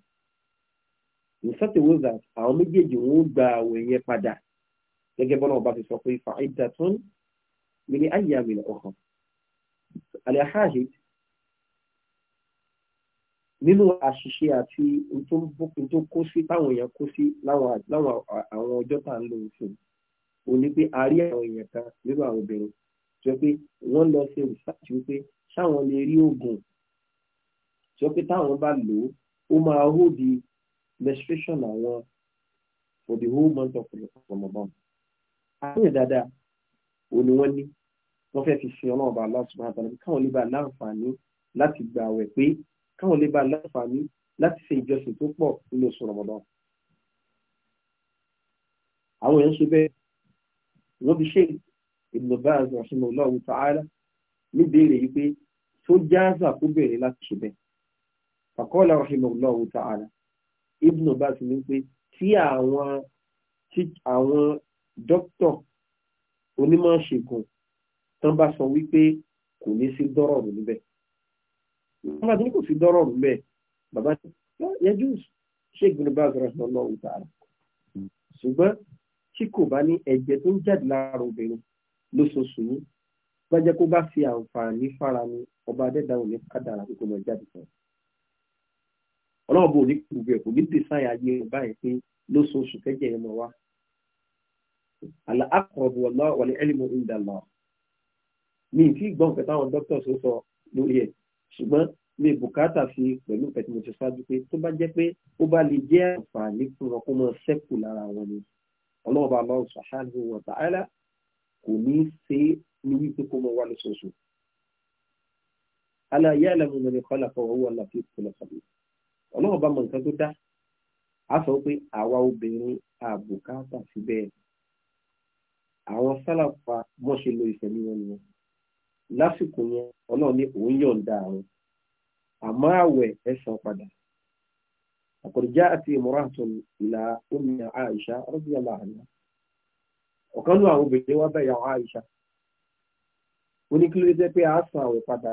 in such that àwọn méjèèjì wọn ó gba àwẹ̀ yẹn padà gẹ́gẹ́ bọ́lá ọba ti sọ pé fa'iddatun min ayyamin ukhra al-hafid nínú àṣìṣe àti ohun tó kó sí táwọn èèyàn kó sí láwọn àwọn ọjọ́ tá à ń lò fún o ní pé a rí àwọn èèyàn kan nínú àwọn obìnrin sọ pé wọ́n lọ ṣe research wípé ṣáwọn lè rí oògùn sọ pé táwọn bá lò ó ó máa hó di menstruation àwọn for the whole month of Ramadan. àárín dáadáa ò ní wọ́n ní wọ́n fẹ́ fi sin ọlọ́run bá aláṣọ máa bá lọ káwọn lè bá láǹfààní láti gbà wẹ̀ pé káwọn lè bá láǹfààní láti ṣe ìjọsìn tó pọ̀ nínú oṣù Ramadan àwọn èèyàn ṣe bẹ́ẹ̀ wọ́n fi ṣe ìdùnnàbá àṣìmọ̀ ọlọ́run ta'ala níbèrè yìí pé tó jáàzà kó bẹ̀rẹ̀ láti ṣe bẹ́ẹ̀ fàkọ́ọ̀lá àṣìmọ̀ ọlọ́run ta'ala ìdùnnàbá ti ní pé tí àwọn àwọn dókítọ̀ onímọ̀ ṣègùn tán bá sọ wípé kò ní sí dọ́rọ̀ níbẹ̀ wọn bá ti ní kò sí dọ́rọ̀ rù bẹ́ẹ̀ bàbá ti yẹjú ṣé ìgbìmọ̀ bá sọ̀rọ̀ sọ̀rọ̀ lọ́wọ́ tààrà ṣùgbọ́n tí kò bá ní ẹ̀jẹ̀ tó ń jáde lára obìnrin lóṣooṣù ní bá jẹ́ kó bá fi àǹfààní fara ni ọba adẹ́dáhùn ní kádàrà tó kò mọ̀ jáde sọ̀rọ̀ ọlọ́run bò ní gbogbo ẹ̀ kò ní dèsáyà ayé rẹ̀ báyìí pé lóṣooṣù kẹ́jẹ́ ẹ̀ mọ̀ wá àlàákọ̀ọ̀bù ọ̀lá wàlẹ̀ ẹ̀lìmọ̀ ìdàlọ́ ṣùgbọ́n mi bùkátà sí pẹ̀lú ìpẹ́ tí mo ti ṣáájú pé tó bá jẹ́ pé ó bá lè jẹ́ àǹfààní fún wọn kó mọ sẹ́kù lára wọn ni ọlọ́ọ̀bá lọ́wọ́ subhanahu wa ta'ala kò ní ṣe ní wípé kó mọ wá lóṣooṣù. ala ya'lamu man khalaqa wa huwa al-latif al-khabir ọlọ́ọ̀bá mọ nǹkan tó dá a sọ pé àwa obìnrin àbùkátà síbẹ̀ àwọn sálàpà mọ́ṣe lo ìṣẹ̀lẹ̀ wọn nìyẹn lásìkò yẹn ọlọ́run ní òun yọ̀ǹda àrùn àmọ́ àwẹ̀ ẹ̀sán padà àkọ̀dìjà àti ìmọ̀ràn ìlà omi àìsà radiyallahu anha ọ̀kan nínú àwọn obìnrin wa bẹ̀rẹ̀ àwọn àìsà oníkílódé jẹ́ pé a san àwẹ̀ padà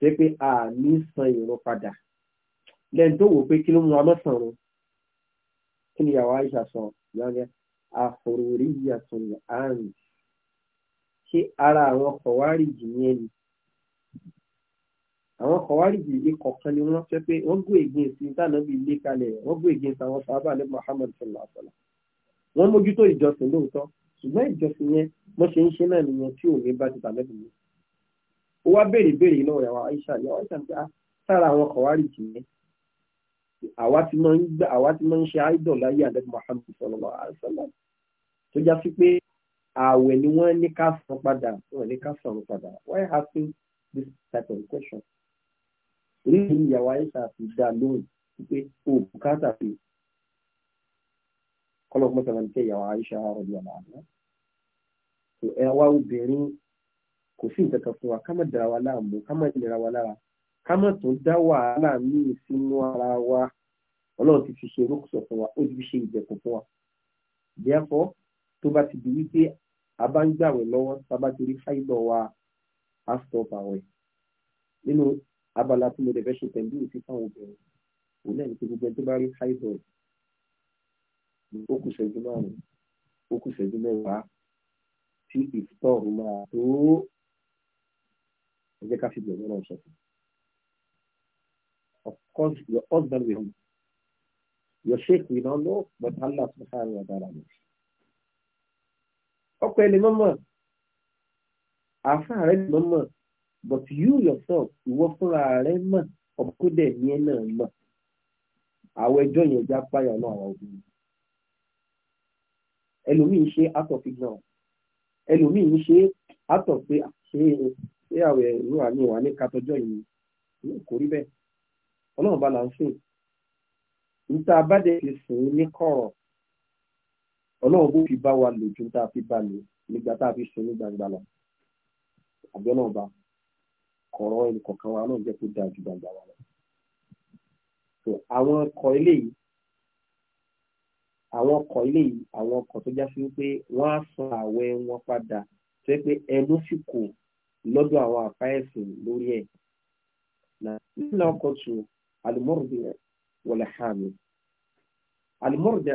jẹ́ pé a ní san ìrun padà lẹ́yìn tó wò pé kí ló mú wa mọ́ san kí ni ìyàwó àìsà sọ ìyá ni àrùn ṣé ara àwọn kọ̀wárìjì yẹn ni àwọn kọ̀wárìjì ikọ̀ ni wọ́n fẹ́ pé wọ́n gbé ègbìn sí ìtànà bíi ilé kalẹ̀ wọ́n gbé ègbìn sáwọn sábà ní Muhammad sallallahu alaihi wa sallam wọ́n mójútó ìjọsìn lóòótọ́ ṣùgbọ́n ìjọsìn yẹn wọ́n ṣe ń ṣe náà nìyẹn tí òun bá ti tàbí mi ó wá béèrè béèrè náà rẹ̀ àwọn Aisha ni àwọn Aisha ń ah, sára àwọn kọ̀wárìjì yẹn àwa ti máa ń ṣe idol láyé àdẹ́gbẹ̀ Muhammad sallallahu alaihi wa sallam tó já sí pé ààwẹ̀ ni wọ́n ní ká san padà wọ́n ní ká san padà why asking this type of question rí ìyàwó àyíṣà fi dá lóhùn wípé o bùkátà pé kọlọ́pọ̀ sọ̀rọ̀ ní ìyàwó àyíṣà ọ̀rọ̀ ìyàwó àná tó ẹ wá obìnrin kò sí nǹkan kan fún wa ká má dára wa láàmú ká má nira wa lára ká má tún dá wàhálà míì sínú ara wa ọlọ́run ti fi ṣe rókùsọ̀ fún wa ó ti fi ṣe ìjẹ̀kùn fún wa therefore tó bá ti di wípé abá ń gbàwẹ̀ lọ́wọ́ sábà torí fáìdọ̀ wa á stop àwẹ̀ nínú abala tí mo dẹ̀ fẹ́ ṣe pẹ̀lú ìfi fáwọn obìnrin kò náà ní pé gbogbo ẹni tó bá rí fáìdọ̀ ó kù ṣẹ́jú márùn ó kù ṣẹ́jú mẹ́wàá tí ìfitọ́ọ̀rù máa tó ẹ ká fi bẹ̀rẹ̀ náà sọ fún Of course, your husband will know. Your sheikh will not know, but Allah subhanahu wa ta'ala knows. ọkọ ẹni mọ́mọ́ afọ rẹ ni mọ́mọ́ but you yourself ìwọ fúnra rẹ mọ̀ ọkọ́dẹ̀ ní ẹ náà mọ̀ àwọn ẹjọ́ yẹn já páyà náà àwọn obìnrin ẹlòmíì ṣe out of ẹlòmíì ṣe of ṣe àwẹ̀ ìlú ìwà ní katọjọ yìí kò rí bẹ́ẹ̀ ọlọ́run bá là ń ọlọ́run bó fi bá wa lò ju tá a fi bá lò nígbà tá a fi sun ní gbangba lọ àbí ọlọ́run bá kọ̀ọ̀rọ̀ ẹnì kọ̀ọ̀kan wa náà jẹ́ kó dáa ju gbangba wa lọ. so àwọn ọkọ̀ eléyìí àwọn ọkọ̀ eléyìí àwọn ọkọ̀ tó já sí wípé wọ́n á san àwẹ̀ wọn padà tó yẹ pé ẹnu sì kò lọ́dọ̀ àwọn àfáyẹ̀sìn lórí ẹ̀ nínú ọkọ̀ tù alimọ́rùdì wọlé hàmì alimọ́rùdì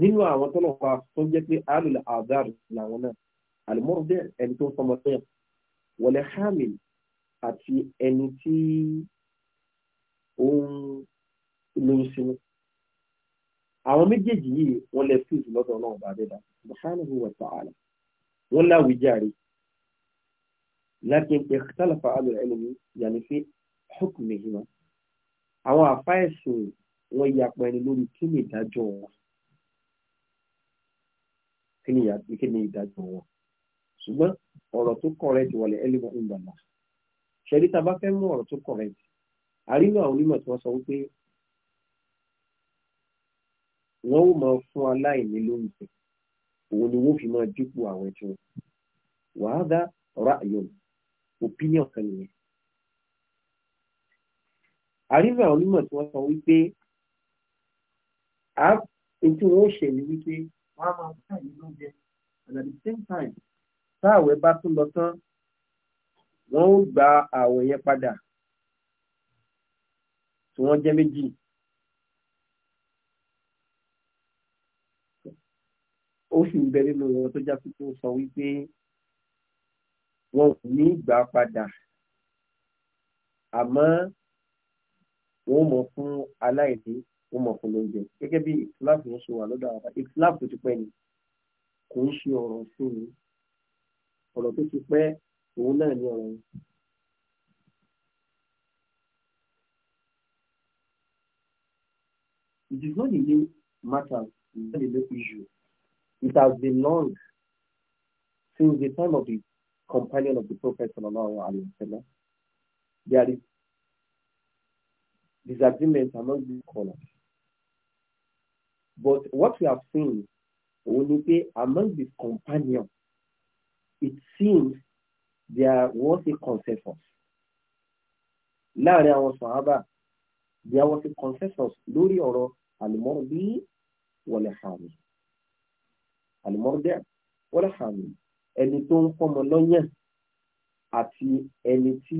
nínú àwọn tó lọ́pọ̀ tó jẹ́ pé alùlù azar làwọn náà alimọ́dé ẹni tó ń sọmọ sẹ́yà wọlé hamil àti ẹni tí ó ń lóyún sínú àwọn méjèèjì yìí wọ́n lè fíìsì lọ́dọ̀ náà bá dé dá subhanahu wa ta'ala wọ́n láwùjáre lakin ikhtalafa alùlù ẹlẹ́mi yàní fi hukmihima àwọn àfáìsìn wọn yapa ẹni lórí kí ni ìdájọ́ wọn kí ni ìyàgbé kí ni ìdájọ́ wọn ṣùgbọ́n ọ̀rọ̀ tó correct wọlé ẹlẹ́mọ̀ ìgbàlá ṣẹ̀rí tá a bá fẹ́ mú ọ̀rọ̀ tó correct àrínú àwọn onímọ̀ tí wọ́n sọ wípé wọ́n ó máa fún aláìní lóúnjẹ òun ni wọ́n fi máa dípò àwọn ẹtí wọn wàá dá ọ̀rọ̀ àyọ̀n opinion kan nìyẹn. àrínú àwọn onímọ̀ tí wọ́n sọ wípé tí wọ́n ó ṣe ni wípé wọ́n á máa fún ẹ̀yìn lóúnjẹ and at the same time tá àwẹ̀ bá tún lọ tán wọ́n ó gba àwẹ̀ yẹn padà tí wọ́n jẹ́ méjì. ó sì ń bẹ nínú wọn tó já sí tó sọ wípé wọn ò ní ìgbà padà àmọ́ wọ́n mọ̀ fún aláìní wọ́n mọ̀ fún lóúnjẹ gẹ́gẹ́ bí ìtìláàfù ń ṣe wà lọ́dọ̀ àwọn ìtìláàfù ti pẹ́ ni kò ń ṣe ọ̀rọ̀ fún mi ọ̀rọ̀ tó ti pẹ́ òun náà ní ọ̀rọ̀ yẹn. It is not the new matter, it is not the new issue. It has been long since the time of the companion of the Prophet sallallahu alayhi wa sallam. There is disagreement among the scholars. But what we have seen, when Onike, among his companions, it seems there was a consensus. there was sàhábà, there was a consensus lórí oro àlùmọ́rùbí wọlé hàmì. Àlùmọ́rùbí wọlé hàmì. Ẹni tó ń fọmọ lọ́yàn àti ẹni tí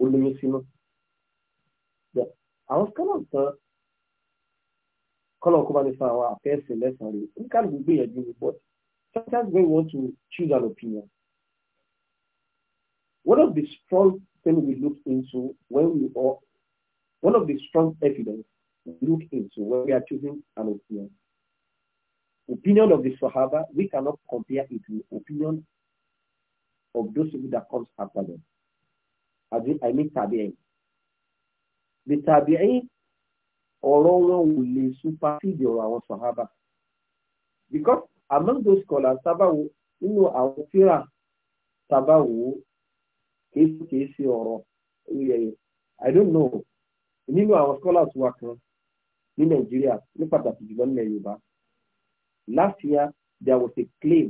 olóyún sínú. Àwọn scholars kan kọ́lọ̀ kó bá ní fún àwọn àfẹ́sìn lẹ́sàn-án oníkàlùkù gbìyànjú ni but sometimes when we want to choose an opinion one of the strong things we look into when we are one of the strong evidence we look into when we are choosing an opinion opinion of the Sahaba we cannot compare it with opinion of those people that comes after them I mean tabi'in the tabi'in ọ̀rọ̀ wọn ò lè supersede ọ̀rọ̀ àwọn sàhábà because among those scholars sábàwò nínú àwọn tíra sábàwò kéésì kéésì ọ̀rọ̀ yẹyẹ i don't know nínú àwọn scholars wa kan ní nàìjíríà ní pàtàkì jùlọ nílẹ̀ yorùbá last year there was a claim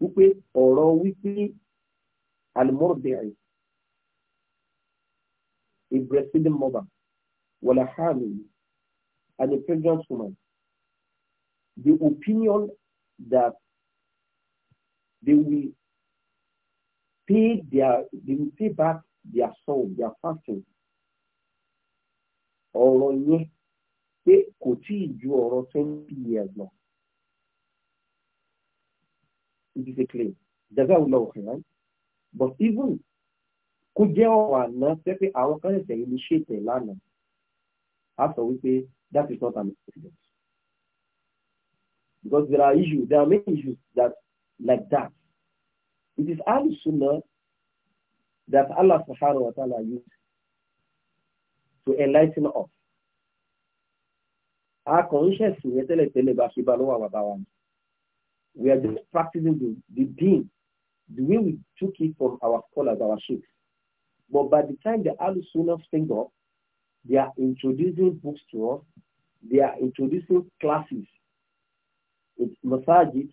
wípé ọ̀rọ̀ wípé alimọ́rọ̀dẹ̀rẹ̀ a breastfeeding mother Walahamim, and a pregnant woman, the opinion that they will pay their they will pay back their soul, their fasting. Ọ̀rọ̀ yẹn pé kò tí twenty years lọ. It is a claim. Dàgbà wò lọ́wọ́ kan right? But even could jẹ́ ọ̀rọ̀ àná pé pé àwọn kan ṣẹ̀ṣẹ̀ a sọ say that is not an accident because there are issues there are many issues that like that it is is Sunnah that Allah subhanahu wa ta'ala used to enlighten us our conscience we are just practicing the the deen the way we took it from our scholars our sheikhs but by the time the al Sunnah spring up They are introducing books to us. They are introducing classes with masajid,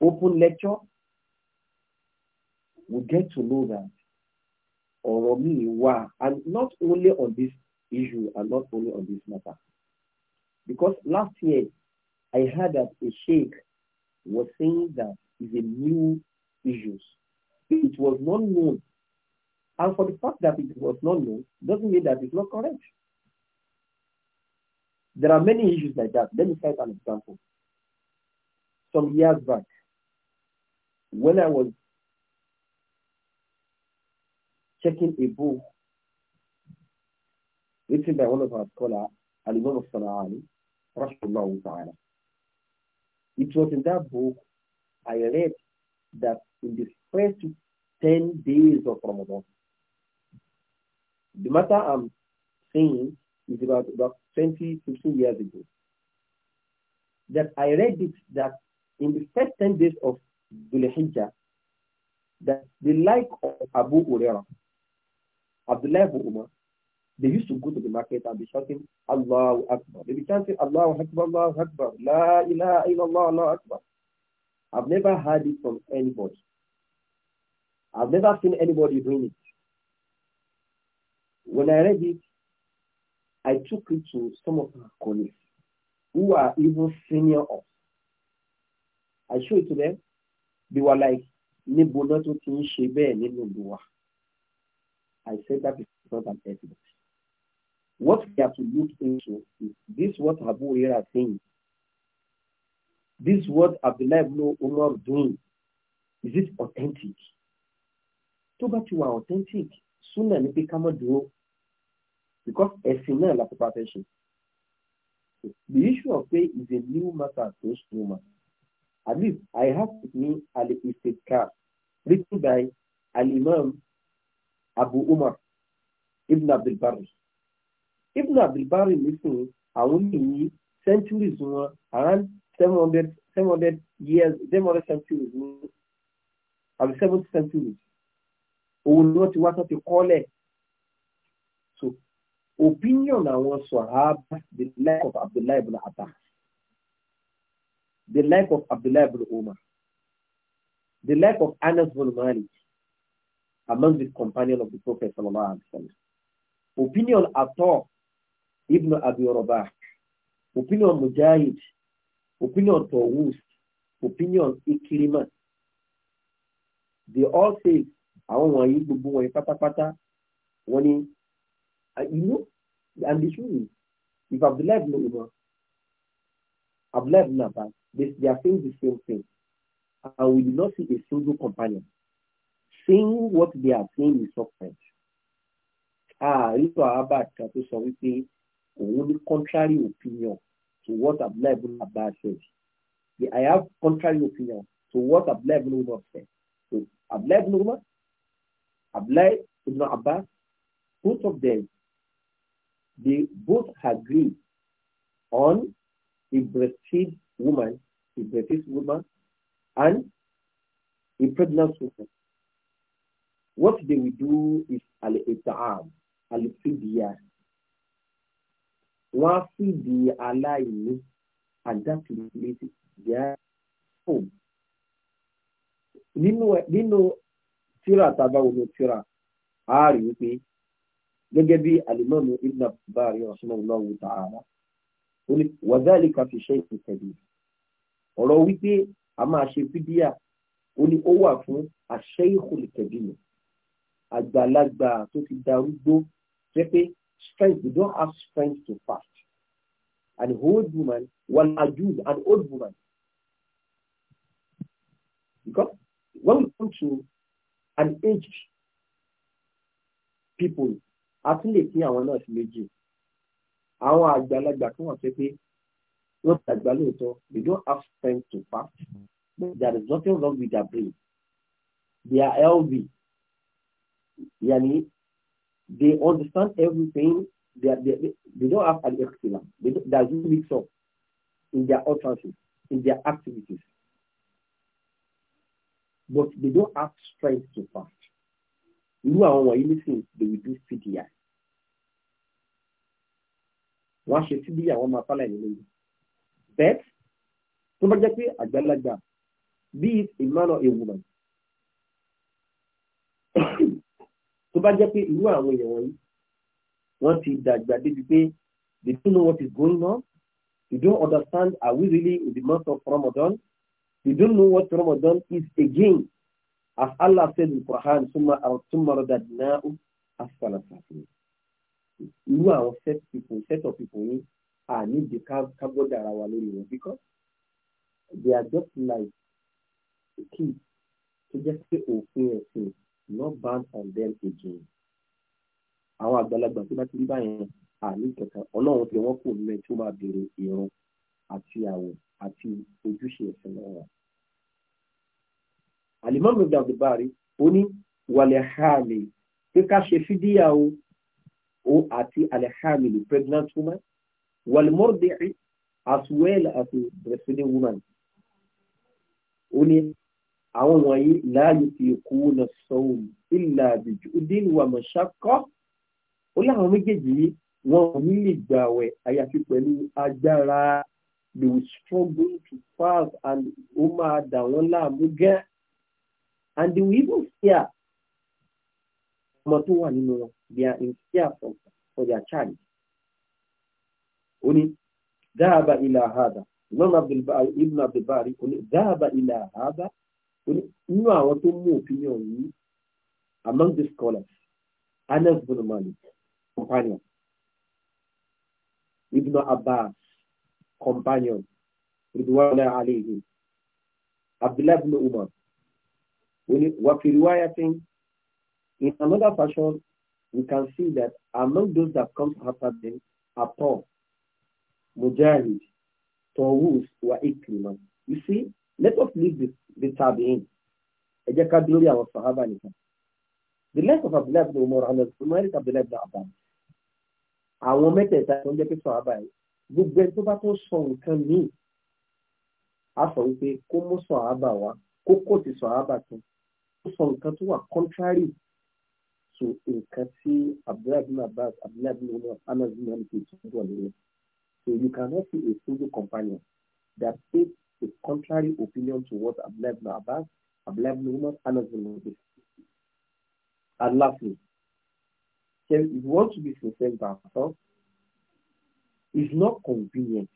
open lecture. We get to know that or me, why, and not only on this issue and not only on this matter. Because last year, I heard that a sheikh was saying that it's a new issue. It was not known And for the fact that it was not known doesn't mean that it's not correct. There are many issues like that. Let me cite an example. Some years back, when I was checking a book written by one of our scholars, Al-Imam al-Sana'ani, Rashullah Ta'ala. It was in that book I read that in the first 10 days of Ramadan, the matter I'm saying is about, about 20, 15 years ago. That I read it that in the first 10 days of Dhul Hijjah, that the like of Abu Uraira, Abdullah Abu Umar, they used to go to the market and be shouting, Allahu Akbar. They be chanting, Allahu Akbar, Allahu Akbar, La ilaha illallah, Allahu Akbar. I've never heard it from anybody. I've never seen anybody doing it. When I read it, I took it to some of my colleagues who are even senior us. I showed it to them. They were like, níbo náà tó ti I said that is not an evidence. What we have to look into is this what Abu Hurairah saying. This what Abdullah ibn Umar doing. Is it authentic? Tó bá you are authentic, súnà ní pé ká má because ẹ̀sìn náà la pupa fẹ́ ṣe the issue of pay is a new matter to us woman at least I have with me al istikar written by al imam Abu Umar Ibn Abdul Barri Ibn Abdul Barri nísìnyí àwọn nìyí centuries wọn around seven hundred seven hundred years seven hundred centuries ní àbí seventy centuries òun ni wọ́n ti wá tó ti kọ́lẹ̀ opinion àwọn sọ̀hábà the life of abdullahi ibn abbas the life of abdullahi ibn umar the life of anas ibn malik among the companion of the prophet sallallahu alaihi wasallam opinion ato ibn abi rabah opinion mujahid opinion tawus opinion ikirima they all say àwọn wọ̀nyí gbogbo wọ̀nyí pátápátá wọ́n ní you know, and the truth is, if Abdullah ibn Umar, Abdullah ibn Abbas, they, they are saying the same thing. And we do not see a single companion saying what they are saying is suffering. Ah, Ibn Abbas can to some say only contrary opinion to what Abdullah ibn Abbas said. I have contrary opinion to what Abdullah ibn Umar said. So Abdullah ibn Umar, Abdullah ibn Abbas, both of them they both agree on a breastfeed woman, a breastfeed woman, and a pregnant woman. What they will do is al-ita'am, al-fidya. One fidya alayni, and that will lead their home. Nínú nínú tíra tàbá wo ni tíra, a rí wípé gẹ́gẹ́ bí alimami ibn abdulbari rahimahullahu ta'ala ó ní wàzálìkà fi ṣe ìtẹ̀lé ọ̀rọ̀ wípé a máa ṣe fídíà ó ní ó wà fún àṣẹ ìkòlìkẹ̀bí mi àgbàlagbà tó ti darúgbó jẹ́ pé strength you don't have strength to fast an old woman wal ajuz an old woman because when we come to an aged people a tún lè pín àwọn náà sí méjì àwọn àgbàlagbà tí wọ́n ṣe pé wọ́n ti àgbà lóòótọ́ they don't have strength to fast there is nothing wrong with their brain they are healthy yani they understand everything they, are, they, they don't have an excellent they don't, they don't mix up in their utterances in their activities but they don't have strength to fast irú àwọn wọ̀nyí nísìnyí they will do fìdíyà wọ́n á ṣe fìdíyà wọ́n máa fálà ìlú lórí bẹ́ẹ̀ tó bá jẹ́ pé àgbàlagbà bí a man or a woman tó bá jẹ́ pé irú àwọn èèyàn wọ̀nyí wọ́n ti dàgbà débi pé they don't know what is going on they don't understand are we really in the month of Ramadan they don't know what Ramadan is again. As Allah said in Quran, Summa al-Summaradadna'u asfala safin. Irú àwọn set people, set of people yìí, à ní di kábọ́dà ara wa lórí wọn because they are just like a kid tó jẹ́ pé òfin ẹ̀sìn not ban on them again. Àwọn àgbàlagbà tó bá ti rí báyẹn à ní kẹta ọlọ́run tí wọ́n kò mẹ́ tó máa béèrè ìrun àti àwọ̀ àti ojúṣe ẹ̀sìn náà alimami dabari oní wàlẹ̀hàmì pé ká ṣe fídíà o o àti alẹ̀hàmì lè pregnant woman wàlẹ̀mọ́dẹ̀ẹ́ as well as a breastfeeding woman oní àwọn wọ̀nyí láàyè fi kú na sọ́wọ́n ilà àbíjú dín wà mọ̀ṣákọ́ ó láwọn méjèèjì yìí wọn ò ní lè gbà wẹ̀ àyàfi pẹ̀lú agbára they struggle to fast and ó máa dà wọ́n láàmú gẹ́ẹ́ and they will even fear ọmọ tó wà nínú wọn they are in fear for, for their child oni dáàbà ilà hada imam ibn abdulbari oni dáàbà ilà hada oni nínú àwọn tó mú opinion yìí among the scholars anas bin malik companion ibn abbas companion ridwan alayhi abdullah ibn umar وفي رواية in another fashion we can see that among those that comes after them are Paul, Mujahid, Tawus, wa Ikrimah. You see, let us leave the, the tabi'in. Ẹ jẹ́ ká dúró àwọn sàhábà nìkan. The life of Abdullah ibn Umar and Umar is Abdullah ibn Abbas. Àwọn mẹ́tẹ̀ẹ̀ta tó ń jẹ́ pé sàhábà yìí. Gbogbo ẹni tó bá tó sọ nǹkan míì. A sọ wípé kó mú sàhábà wá, kó kó ti sàhábà tán ó sọ nǹkan tó wà contrary to nǹkan tí abdullahi abbas abdullahi bin umar anas hamid tó wà nínú so you cannot see a single companion that states a contrary opinion to what abdullahi abbas abdullahi bin umar anas hamid and lastly so if you want to be sincere with ourselves it's not convenient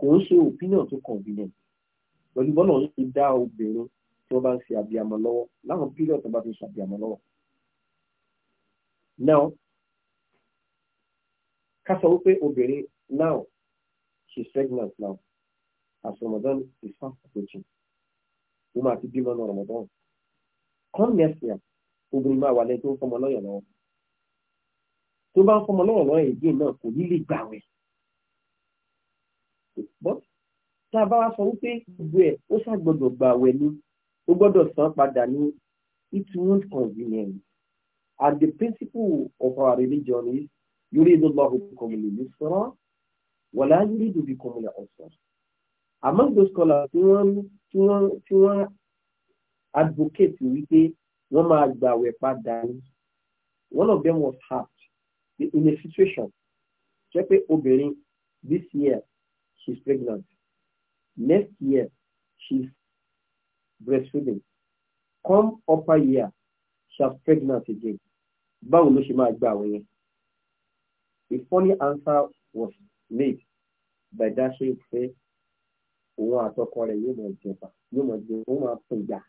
kò ń ṣe opinion tó convenient pẹ̀lú bọ́lá òun ti dá obìnrin tí wọ́n bá ń ṣe àbíàmọ lọ́wọ́ láwọn píríọ̀dù tó bá ti ń ṣe àbíàmọ lọ́wọ́. now ká sọ wípé obìnrin now she is pregnant now as Ramadan is fast approaching wọ́n máa ti bímọ náà Ramadan come next year obìnrin máa wà lẹ́yìn tó ń fọmọ lọ́yọ̀ lọ́wọ́ tó bá ń fọmọ lọ́wọ́ lọ́wọ́ èdè náà kò ní lè gbà wẹ̀ but tá a bá wá sọ wípé gbogbo ẹ̀ ó ṣàgbọ́dọ̀ gbà wẹ̀ ni ó gbọ́dọ̀ san padà ní it won't convenient and the principle of our religion is you yuridu Allahu bikum al-yusra wa la yuridu bikum al-usra among those scholars tí wọ́n tí wọ́n tí wọ́n advocate wípé wọ́n máa gbàwẹ̀ padà ní one of them was hurt in a situation jẹ́ pé obìnrin this year she's pregnant next year she's breastfeeding come upper year she was pregnant again báwo ló ṣe máa gba àwọn yẹn The funny answer was made by dashe pé òun àtọkọ rẹ̀ yóò máa jẹba yóò máa jẹ òun máa pè já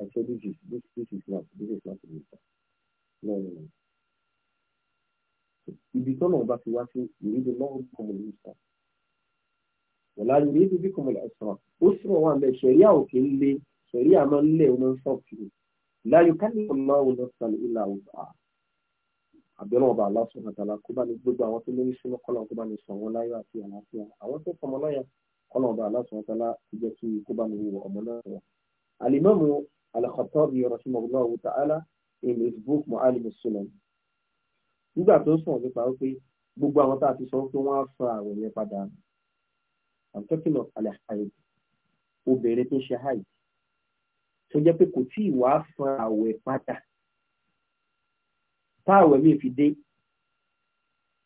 I said this is this this is not this is not the answer. no no no ibi tọ́nà ọba ti wá sí ìrírí lọ́wọ́ kọ́mọ̀lẹ́sà. ولا يريد بكم bíbí kọ̀mọ̀lẹ̀ وان ó sọ̀rọ̀ wà من sẹ̀ríà ومن ń لا sẹ̀ríà الله ń lé ọmọ sọ̀ kiri láyò ká ní ọmọ òun lọ sàn ilà ọ̀gbà àbẹ̀rẹ̀ ọba aláṣọ àtàlà kó bá ní gbogbo àwọn tó lórí sínú kọ́nà kó bá ní sàn wọn láyọ̀ àti àlàáfíà àwọn tó fọmọ láyà kọ́nà ọba aláṣọ àtàlà kó jẹ́ kí kó bá ní wọ ọmọ náà wọ. alimami al-Khattabi rahimahullahu ta'ala in his book mu'alim sunan nígbà tó sàn nípa wípé gbogbo àwọn tá a ti sọ pé wọ́n á fa àwẹ̀ yẹn padà I'm talking of alahayid obìnrin tó ṣe hajj tó jẹ́ pé kò tí ì wá san àwẹ̀ padà táàwẹ̀ mi fi dé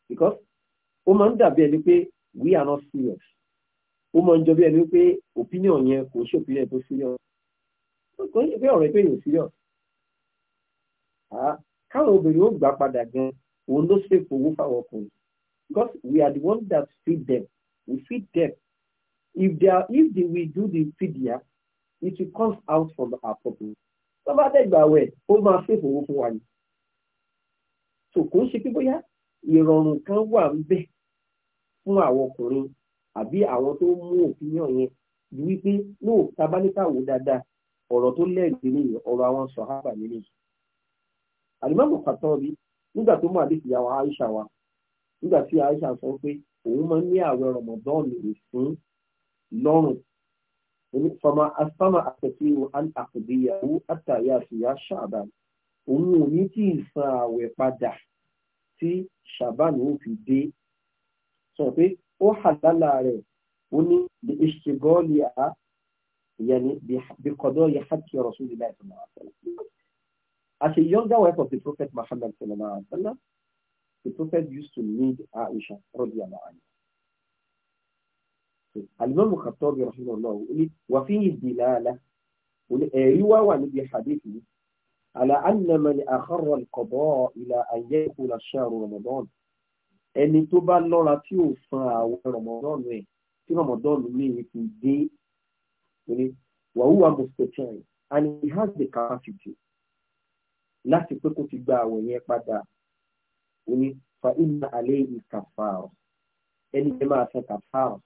because ó máa ń dàbí ẹni pé we are not serious ó máa ń jọ bí ẹni pé opinion yẹn kò ṣe opinion tó serious kò ń ṣe pé ọ̀rẹ́ pé yóò serious káwọn obìnrin ó gbà padà gan òun ló ṣèpò owó fáwọn ọkùnrin because we are the ones that feed them we feed them If they, are, if they will do the fidya, it will come out from our pocket. Tó bá dẹ̀gbà wẹ̀, ó máa fi ìfowó fún wa ni. Tò kó ṣe pé bóyá ìrọ̀rùn kan wà ń bẹ̀ fún àwọn ọkùnrin àbí àwọn tó mú òfin yàn yẹn ju wípé lóò tabaníkà wò dáadáa ọ̀rọ̀ tó lẹ́ẹ̀dì ní ọ̀rọ̀ àwọn sọ̀hábà nílé yìí. Àlùmọ́ọ̀mù Kàtọ́ọ̀bí nígbà tó mú àdéhùn ìyàwó Aisha wa nígbà tí Aisha sọ pé òun máa ń ní àwẹ̀ Ramadan lè fún lọ́rùn fama asama àtẹ̀sí an àkùdíyàwó àtàyàṣìyà ṣàbàn òun ò ní tí ì san àwẹ̀ padà tí ṣàbàn ò fi dé sọ pé ó hàlálà rẹ̀ ó ní bí ìṣègọ́ọ̀lì à yẹni bí kọ́dọ̀ yẹ hàkì Rasulillah sallallahu alaihi wasallam. As a younger wife of the Prophet Muhammad sallallahu alaihi the Prophet used to need Aisha radiyallahu anha alimami Khattabi rahimahullah ó ní wà fi dilala ó ní ẹ̀rí wá wà níbi hadith yìí ala anna man akharra al-qada'a ila an yakuna shahru Ramadan ẹni tó bá lọ́ra tí ò san àwọn Ramadan ẹ̀ tí Ramadan mi ti dé ó ní wa huwa mustati' and he has the capacity láti pé kó ti gba àwẹ̀ yẹn padà ó ní fa inna alayhi kàfàrọ̀ ẹni tẹ́ máa san kàfàrọ̀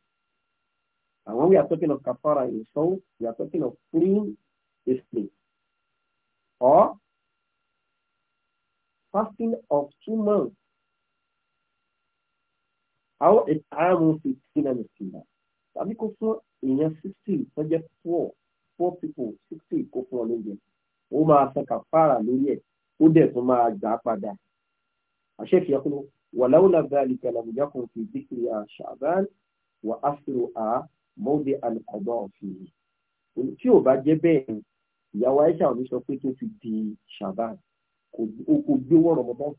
And when we are talking of kafara in soul, we are talking of clean Islam. Or fasting of two months. How is Amu 15 and 15? Tàbí kò fún èèyàn 60 tó jẹ́ 4 four people 60 kò fún ọlọ́jẹ́. Ó máa san kàfàrà lórí ẹ̀ ó dẹ̀ tún máa gbà á padà. Àṣẹ́fì fi díkìrì àṣàbán wà á fi rò mọ́wé alùpàgbọ́ ọ̀fìn yìí tí ò bá jẹ́ bẹ́ẹ̀ ìyàwó aisha ò ní sọ pé tó fi di shaban kò gbé wọ́n rọ̀mọ́dán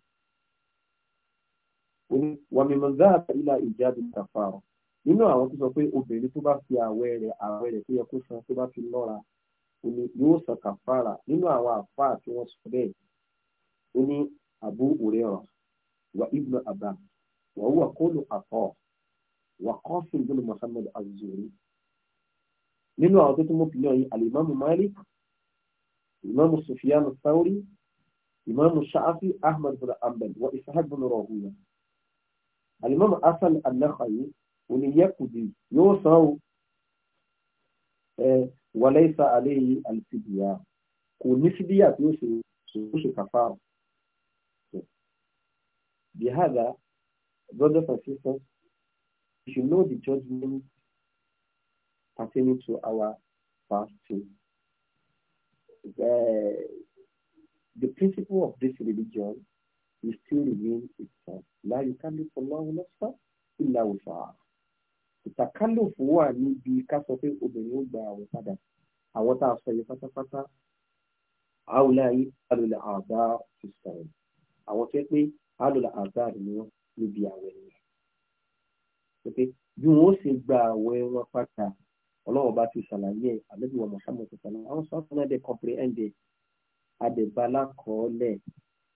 wàmímọ̀gá àtàlílà ìjáde kàfàrà nínú àwọn tó sọ pé obìnrin tó bá fi àwẹ̀ rẹ̀ àwẹ̀ rẹ̀ tó yẹ kó san tó bá fi lọ́ra òní yóò san kàfàrà nínú àwọn àfáà tí wọ́n sọ bẹ́ẹ̀ ó ní Abu Hurairah wà ibnu Abbas wà ó wà kólù àfọ́ وقافل بن محمد الزوري لنو عطيت مبنوعي الإمام مالك الإمام سفيان الثوري الإمام الشعفي أحمد بن أمبل وإسحاق بن راهوية الإمام أصل النخعي ولي يكدي يوصو وليس عليه الفدية كوني فدية يوصو كفار بهذا ضد فاسيسة We should know the judgment pertaining to our fasting. The, eh, the principle of this religion is still remain itself. La yukallifu Allahu nafsan illa wus'aha. Ìtàkálòfò wà níbi ká sọ pé obìnrin ó gba àwọn padà. Àwọn tá a sọ yìí pátápátá. Àwòlá yìí alòlà àbá ti sọ̀rọ̀. Àwọn tó yẹ pé alòlà àbá rẹ̀ ni wọ́n níbi àwẹ̀ ni pé bí wọn ó ṣe gba àwẹ̀ wọn pátá ọlọ́run bá ti ṣàlàyé ẹ̀ àlejò wọn mọ̀ṣámọ̀ tó ṣàlàyé àwọn sọ́ọ̀tún náà dé comprehend adébálá kọ́ọ́lẹ̀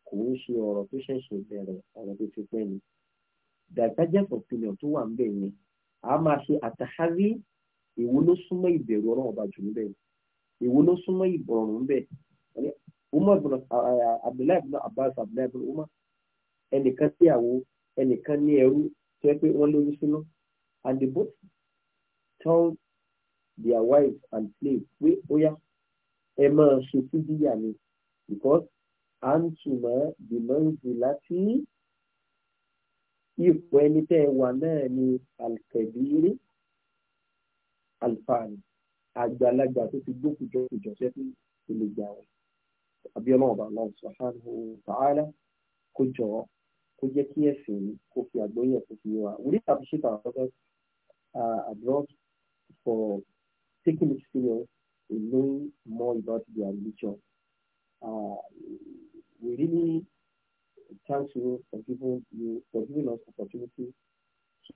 kò ń ṣe ọ̀rọ̀ tó ṣẹ̀ṣẹ̀ bẹ̀rẹ̀ ọ̀rọ̀ tó ti pẹ́ ni divergent opinion tó wà ń bẹ̀ yẹn a máa ṣe àtàhárí èwo ló súnmọ́ ìbẹ̀rù ọlọ́run bá jù ṣe pé wọ́n lórí sínú and they both told their wives and slaves pé ó yá ẹ máa ṣe fídíà ni because à ń túmọ̀ dìmọ́ǹdì láti ipò ẹni tẹ́ ẹ wà náà ni alkebiri alfani àgbàlagbà tó ti gbókùjọ ìjọsẹ́ fún ìlú ìjà wọn àbí ọlọ́run bá lọ́wọ́ subhanahu wa ta'ala kó jọ ọ́ kó jẹ́ kí ẹ̀sìn yìí kó fi àgbọ́yé ẹ̀sìn fi wá we really appreciate our brothers uh, abroad for taking it serious in knowing more about their religion uh, we really thank you for giving you for giving us opportunity to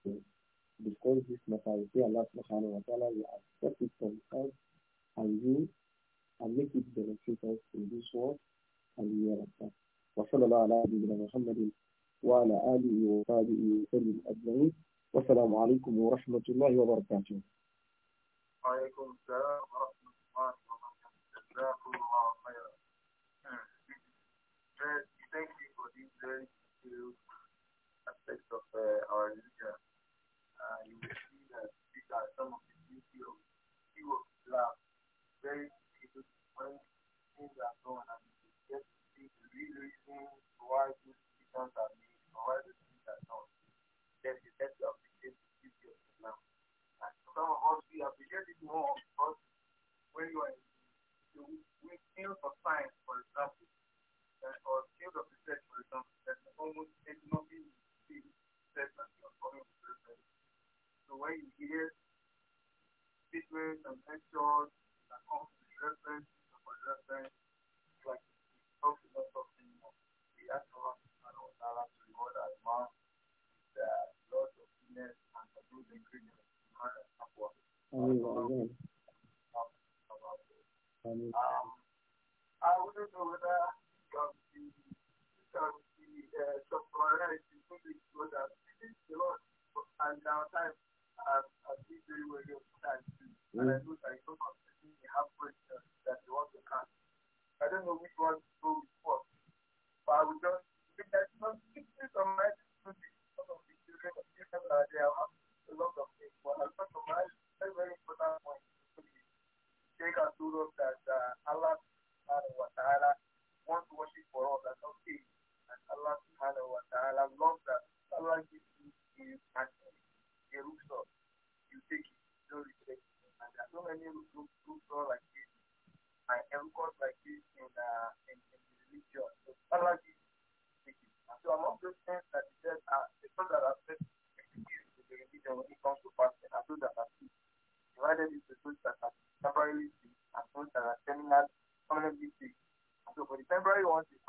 discuss this matter we pray Allah subhanahu wa ta'ala will accept it from us and you and make it benefit us in this world and hereafter. وصلى الله على نبينا محمد وعلى آله وصحبه وسلم أجمعين والسلام عليكم ورحمة الله وبركاته. وعليكم السلام ورحمة Mm-hmm.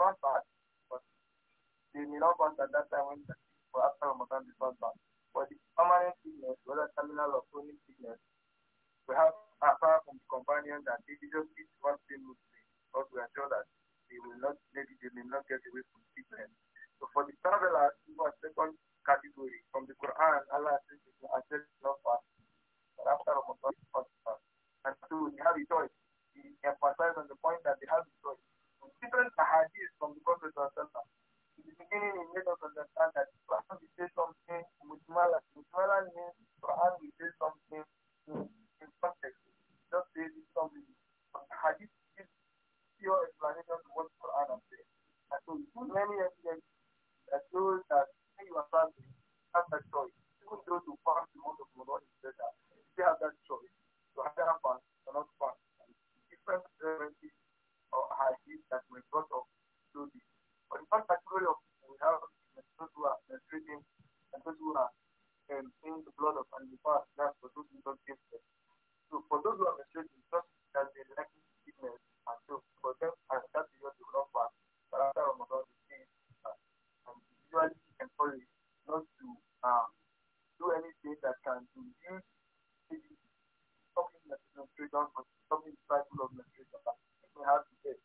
brought back, but they may not pass at that time when for after Ramadan is brought back. But the permanent sickness, whether terminal or chronic sickness, we have apart from the companion that they just eat one thing mostly, because we are sure that they will not, maybe they may not get away from sickness. So for the travelers, who are second category from the Quran, Allah says, "I said not fast, but after Ramadan, fast fast." And so they have a choice. He emphasized on the point that they have a choice different hadiths from the Prophet In the beginning, he made us understand that Quran will say something, Mujmala. Mujmala means Quran will say something in, in context. Just say this something. But the hadith gives pure explanation to what Quran has said. And so we put many evidence that shows that when you are fasting, have that choice. Even those who fast the month of Ramadan is better. They have that choice. To have that pass or not pass. Different references uh, that may brought up to this. But the fact that we have those who are menstruating and those who are um, in the blood of and before that's for those who don't give them. So for those who are menstruating, just that they lack sickness and so for them and that period they will not fast. But after Ramadan they stay fast. Uh, and usually you can follow it not to um, do anything that can induce something that is menstruation or something cycle of menstruation that may have to take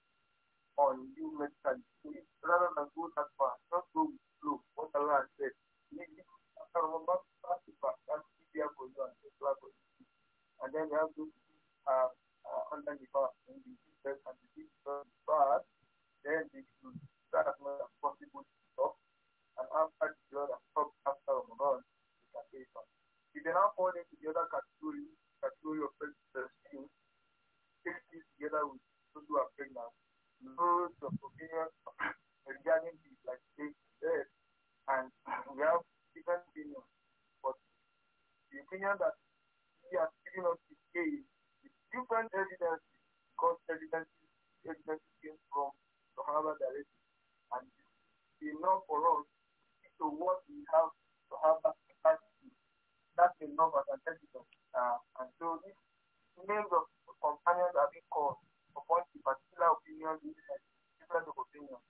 on you mentally. Please, rather than go that far, just go with flow. What Allah has said. And and then you have to uh, uh, under the bar and the defense and the defense bar, then they should start as much as possible to stop. And after the blood has stopped after Ramadan, they can pay for. If they now fall into the other category, category of persons, they take this together with those who are pregnant. loads of various regarding the like death, and we have different opinions. But the opinion that he has given us today is different evidence because evidence evidence came from the Sahaba directly and enough for us to what we have to have that capacity, That's enough as an evidence. Uh, and so these names of companions are being called upon other opinions, difference of opinion.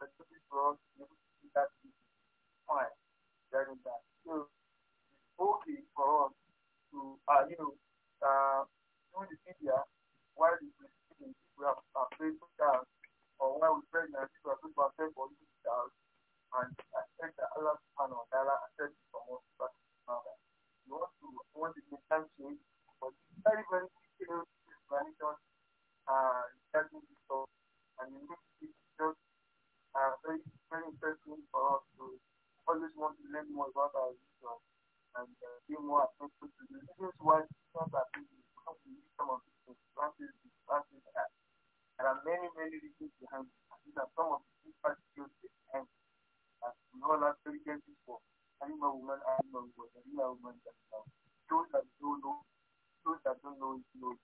But this is wrong, you that fine. That is that. So it's okay for us to, uh, you know, uh, do the media while we have uh, prayed or while we are going to for you and accept that Allah subhanahu wa ta'ala accept it from us. But you uh, want to, want to make time change, but it's very, very difficult to And technique. So, I it's just uh, very, very interesting for us to always want to learn more about our and uh, be more attentive to this. is why teachers are busy because we need some of the things. That is, that is, there are many, many reasons behind it. And these are some of the principal skills behind As we all have very cases for animal woman, animal woman, animal woman, animal woman. Those that don't know, those that don't know, know.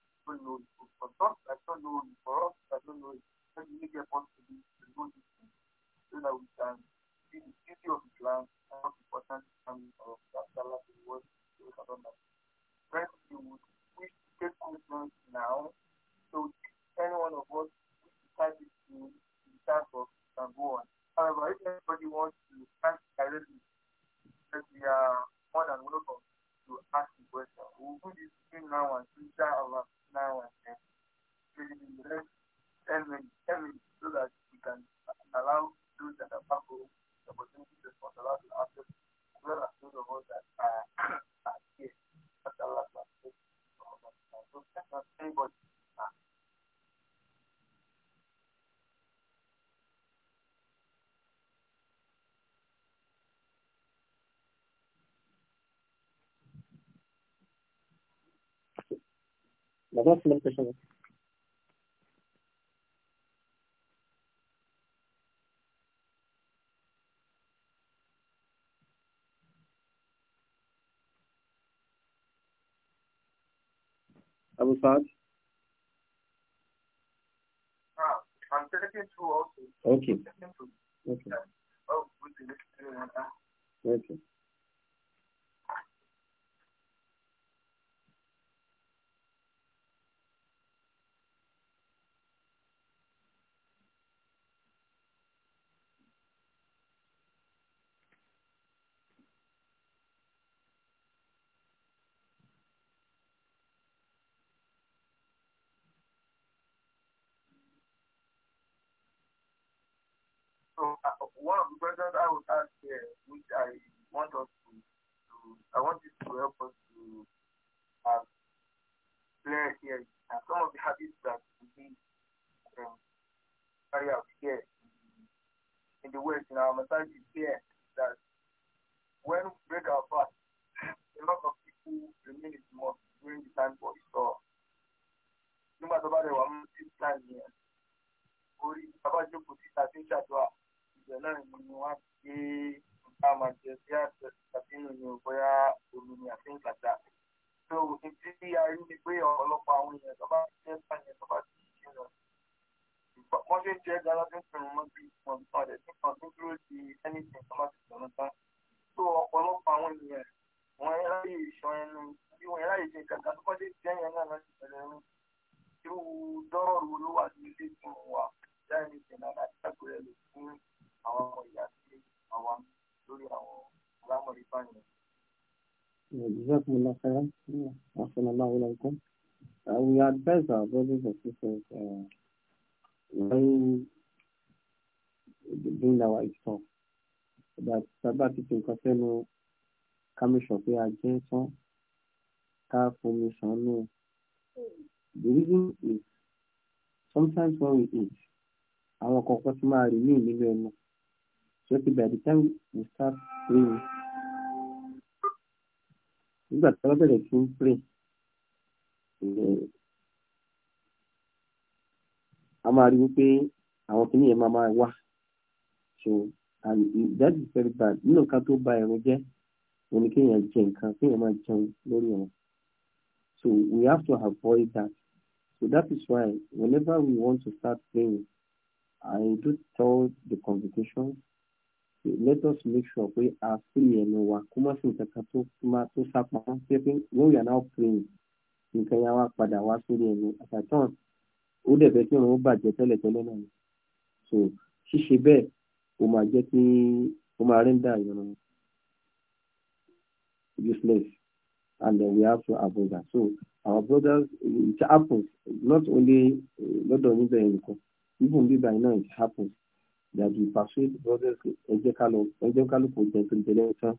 lórí ọ̀tọ̀ ẹ̀tọ́ lórí ọ̀rọ̀ ẹ̀tọ́ lórí ẹ̀tọ́ nígbà ẹ̀kọ́ ti di ìlú ní so that we can see the beauty of Islam and how important Islam is for that Allah to work with Adonai. Friends, we would wish to take questions now. So any of us wish to type and go on. However, if anybody wants to ask directly, we are uh, more than welcome to ask the question. We will do this thing now and inshallah. now and then, in the 10 minutes, 10 minutes, so that we can allow those that are back home the opportunity to respond, allow the answers, as well as those of us that are, are here. That's last one. So, thank you, Double implementation. Abu Saad. Okay. Okay. Okay. now out here, which I want us to, to I want you to help us to have uh, clear here, and some of the habits that we um, carry out here in the West, in our mentality here, that when we break our fast, a lot of people remain in the mosque during the time for So No matter what they were, this time here, orí abájókòó síta tí ń ṣàdúrà ìgbẹ́ náà ni wọ́n á gbé nǹkan àmàjẹ bí àjẹ tàbí nù ní bóyá omi ni àti nǹkan dà. tí a rí ni pé ọ̀pọ̀lọpọ̀ àwọn èèyàn tó bá jẹ́ sàyẹn tó bá ti ṣe lọ. wọ́n ṣe jẹ́ gara tó ń pẹ̀rù mọ́ bí wọ́n tán rẹ̀ tí kan tó dúró di anything tó bá ti sọ̀rọ̀ tán. tó ọ̀pọ̀lọpọ̀ àwọn èèyàn wọ́n ráyè ìṣan ẹnu bí wọ́n ráyè ṣe kàkà tó kọ́lé jẹ́ yẹn náà láti bẹ̀rẹ̀ ẹnu. irú dọ́rọ̀ wo ló wà ní ilé tí wọ́n àwọn ọmọ ìyá sí àwa lórí àwọn alámọ̀rí báyìí. جزاكم الله خيرا أحسن الله uh, we advise our brothers and sisters uh, when doing our iftar that sábà ti fi nǹkan sẹ́nu ká mi sọ pé a jẹ́ tán ká fomi the reason is sometimes when we eat our kọ̀ọ̀kan ti máa rìn ní So by the time we start praying, nígbà tí wọ́n bẹ̀rẹ̀ sí ń pray, eh, a máa rí wípé àwọn kìnìún yẹn máa máa wà. So and that is very bad. Nínú nǹkan tó ba ẹ̀rọ jẹ́, òun ni kéèyàn jẹ nǹkan, kéèyàn máa jẹun lórí ẹ̀rọ. So we have to avoid that. So that is why whenever we want to start praying, I do tell the congregation let us make sure pé a free ẹnu wa kó má sí nǹkan kan tó má tó sápamọ́ pé pé when we are now praying nǹkan yẹn wá padà wá sórí ẹnu àtàtàn ó dẹ̀ fẹ́ kí òun ó bàjẹ́ tẹ́lẹ̀tẹ́lẹ̀ náà ni so ṣíṣe bẹ́ẹ̀ ó máa jẹ́ kí ó máa rẹ́ńdà ìrọ̀rùn useless and then we have to avoid that. So our brothers, it happens not only eh, lọ́dọ̀ níbẹ̀ nìkan, even bíbá iná it happens that we persuade brothers ẹjẹ́ the ẹjẹ́ kálukú the tó ń jẹ́ lẹ́yìn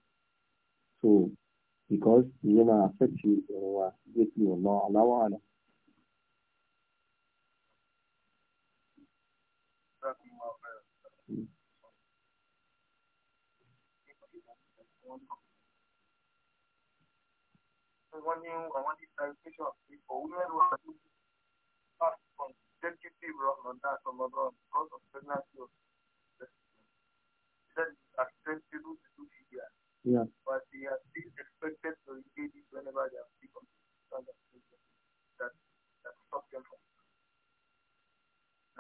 so because ìyẹn máa affect ìrìn wa greatly ọ̀nà aláwọ̀ àlà. wọ́n ní àwọn ní clarification that is accessible to media. Yeah. But they are still expected to engage it whenever they are people that that stop them from.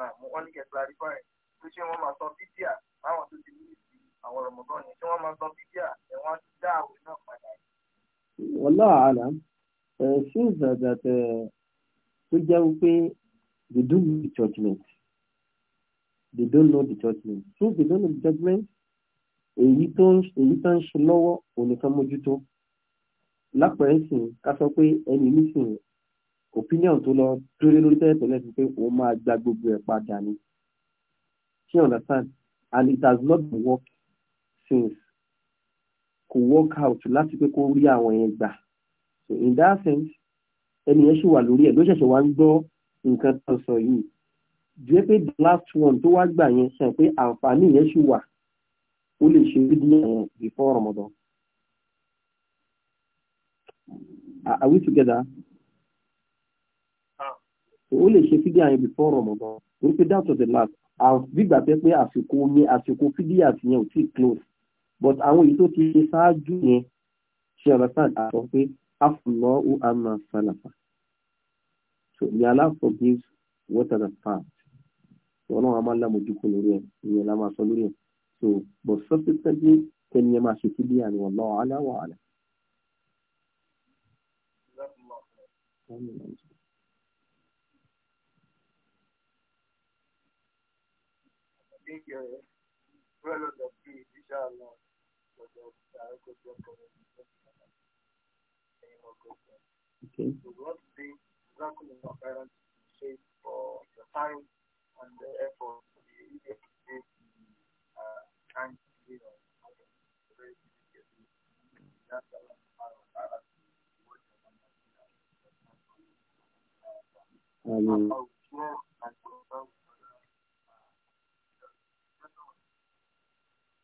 Now, mo wọ́n ní kẹ́ clarify pé ṣé wọ́n máa sọ fídíà báwọn tó ti ní ìsìn àwọn ọ̀rọ̀mọ̀gán ni ṣé wọ́n máa sọ fídíà ẹ̀ wọ́n ti dá àwẹ̀ náà padà. Wallah alam, uh, that, that uh, tó they do the judgment. They don't know the judgment. Since they don't know the judgment, èyí tó ń ṣe lọ́wọ́ ònìkan mójútó lápẹ̀rẹ́ sìn ká sọ pé ẹni nísìnyí opinion tó lọ dúró lórí tẹ́lẹ̀ tẹ́lẹ̀ sí pé òun máa gba gbogbo ẹ̀ padà ni she understand and it has not been work since kò work out láti pé kó rí àwọn yẹn gbà so in that sense ẹni yẹn ṣì wà lórí ẹ̀ ló ṣẹ̀ṣẹ̀ wá ń gbọ́ nǹkan tó sọ yìí jẹ́ pé the last one tó wá gbà yẹn ṣe pé àǹfààní yẹn ṣì wà Ah. ó lè ṣe fídíò yẹn before Ramadan. Are we together? ó lè ṣe fídíò yẹn before Ramadan. Orí pé that was the last. Àgbígbà pé pé àsìkò yẹn àsìkò fídíò àti yẹn ò tí ì close. But àwọn èyí tó ti ṣe ṣáájú yẹn ṣe ọ̀rọ̀ sáà àsọ pé àfùlọ́ ó àmà sálàfà. So may Allah forgive what has passed. Ọlọ́run a máa ń lámojú kò lórí ẹ̀, ìyẹn la máa sọ lórí ẹ̀ so but subsequently kẹ́ni ẹ máa ṣe sí bí àná wallahu a'lam wa a'lam. think uh, well the field, inshallah, for say, for the time and the effort, Um,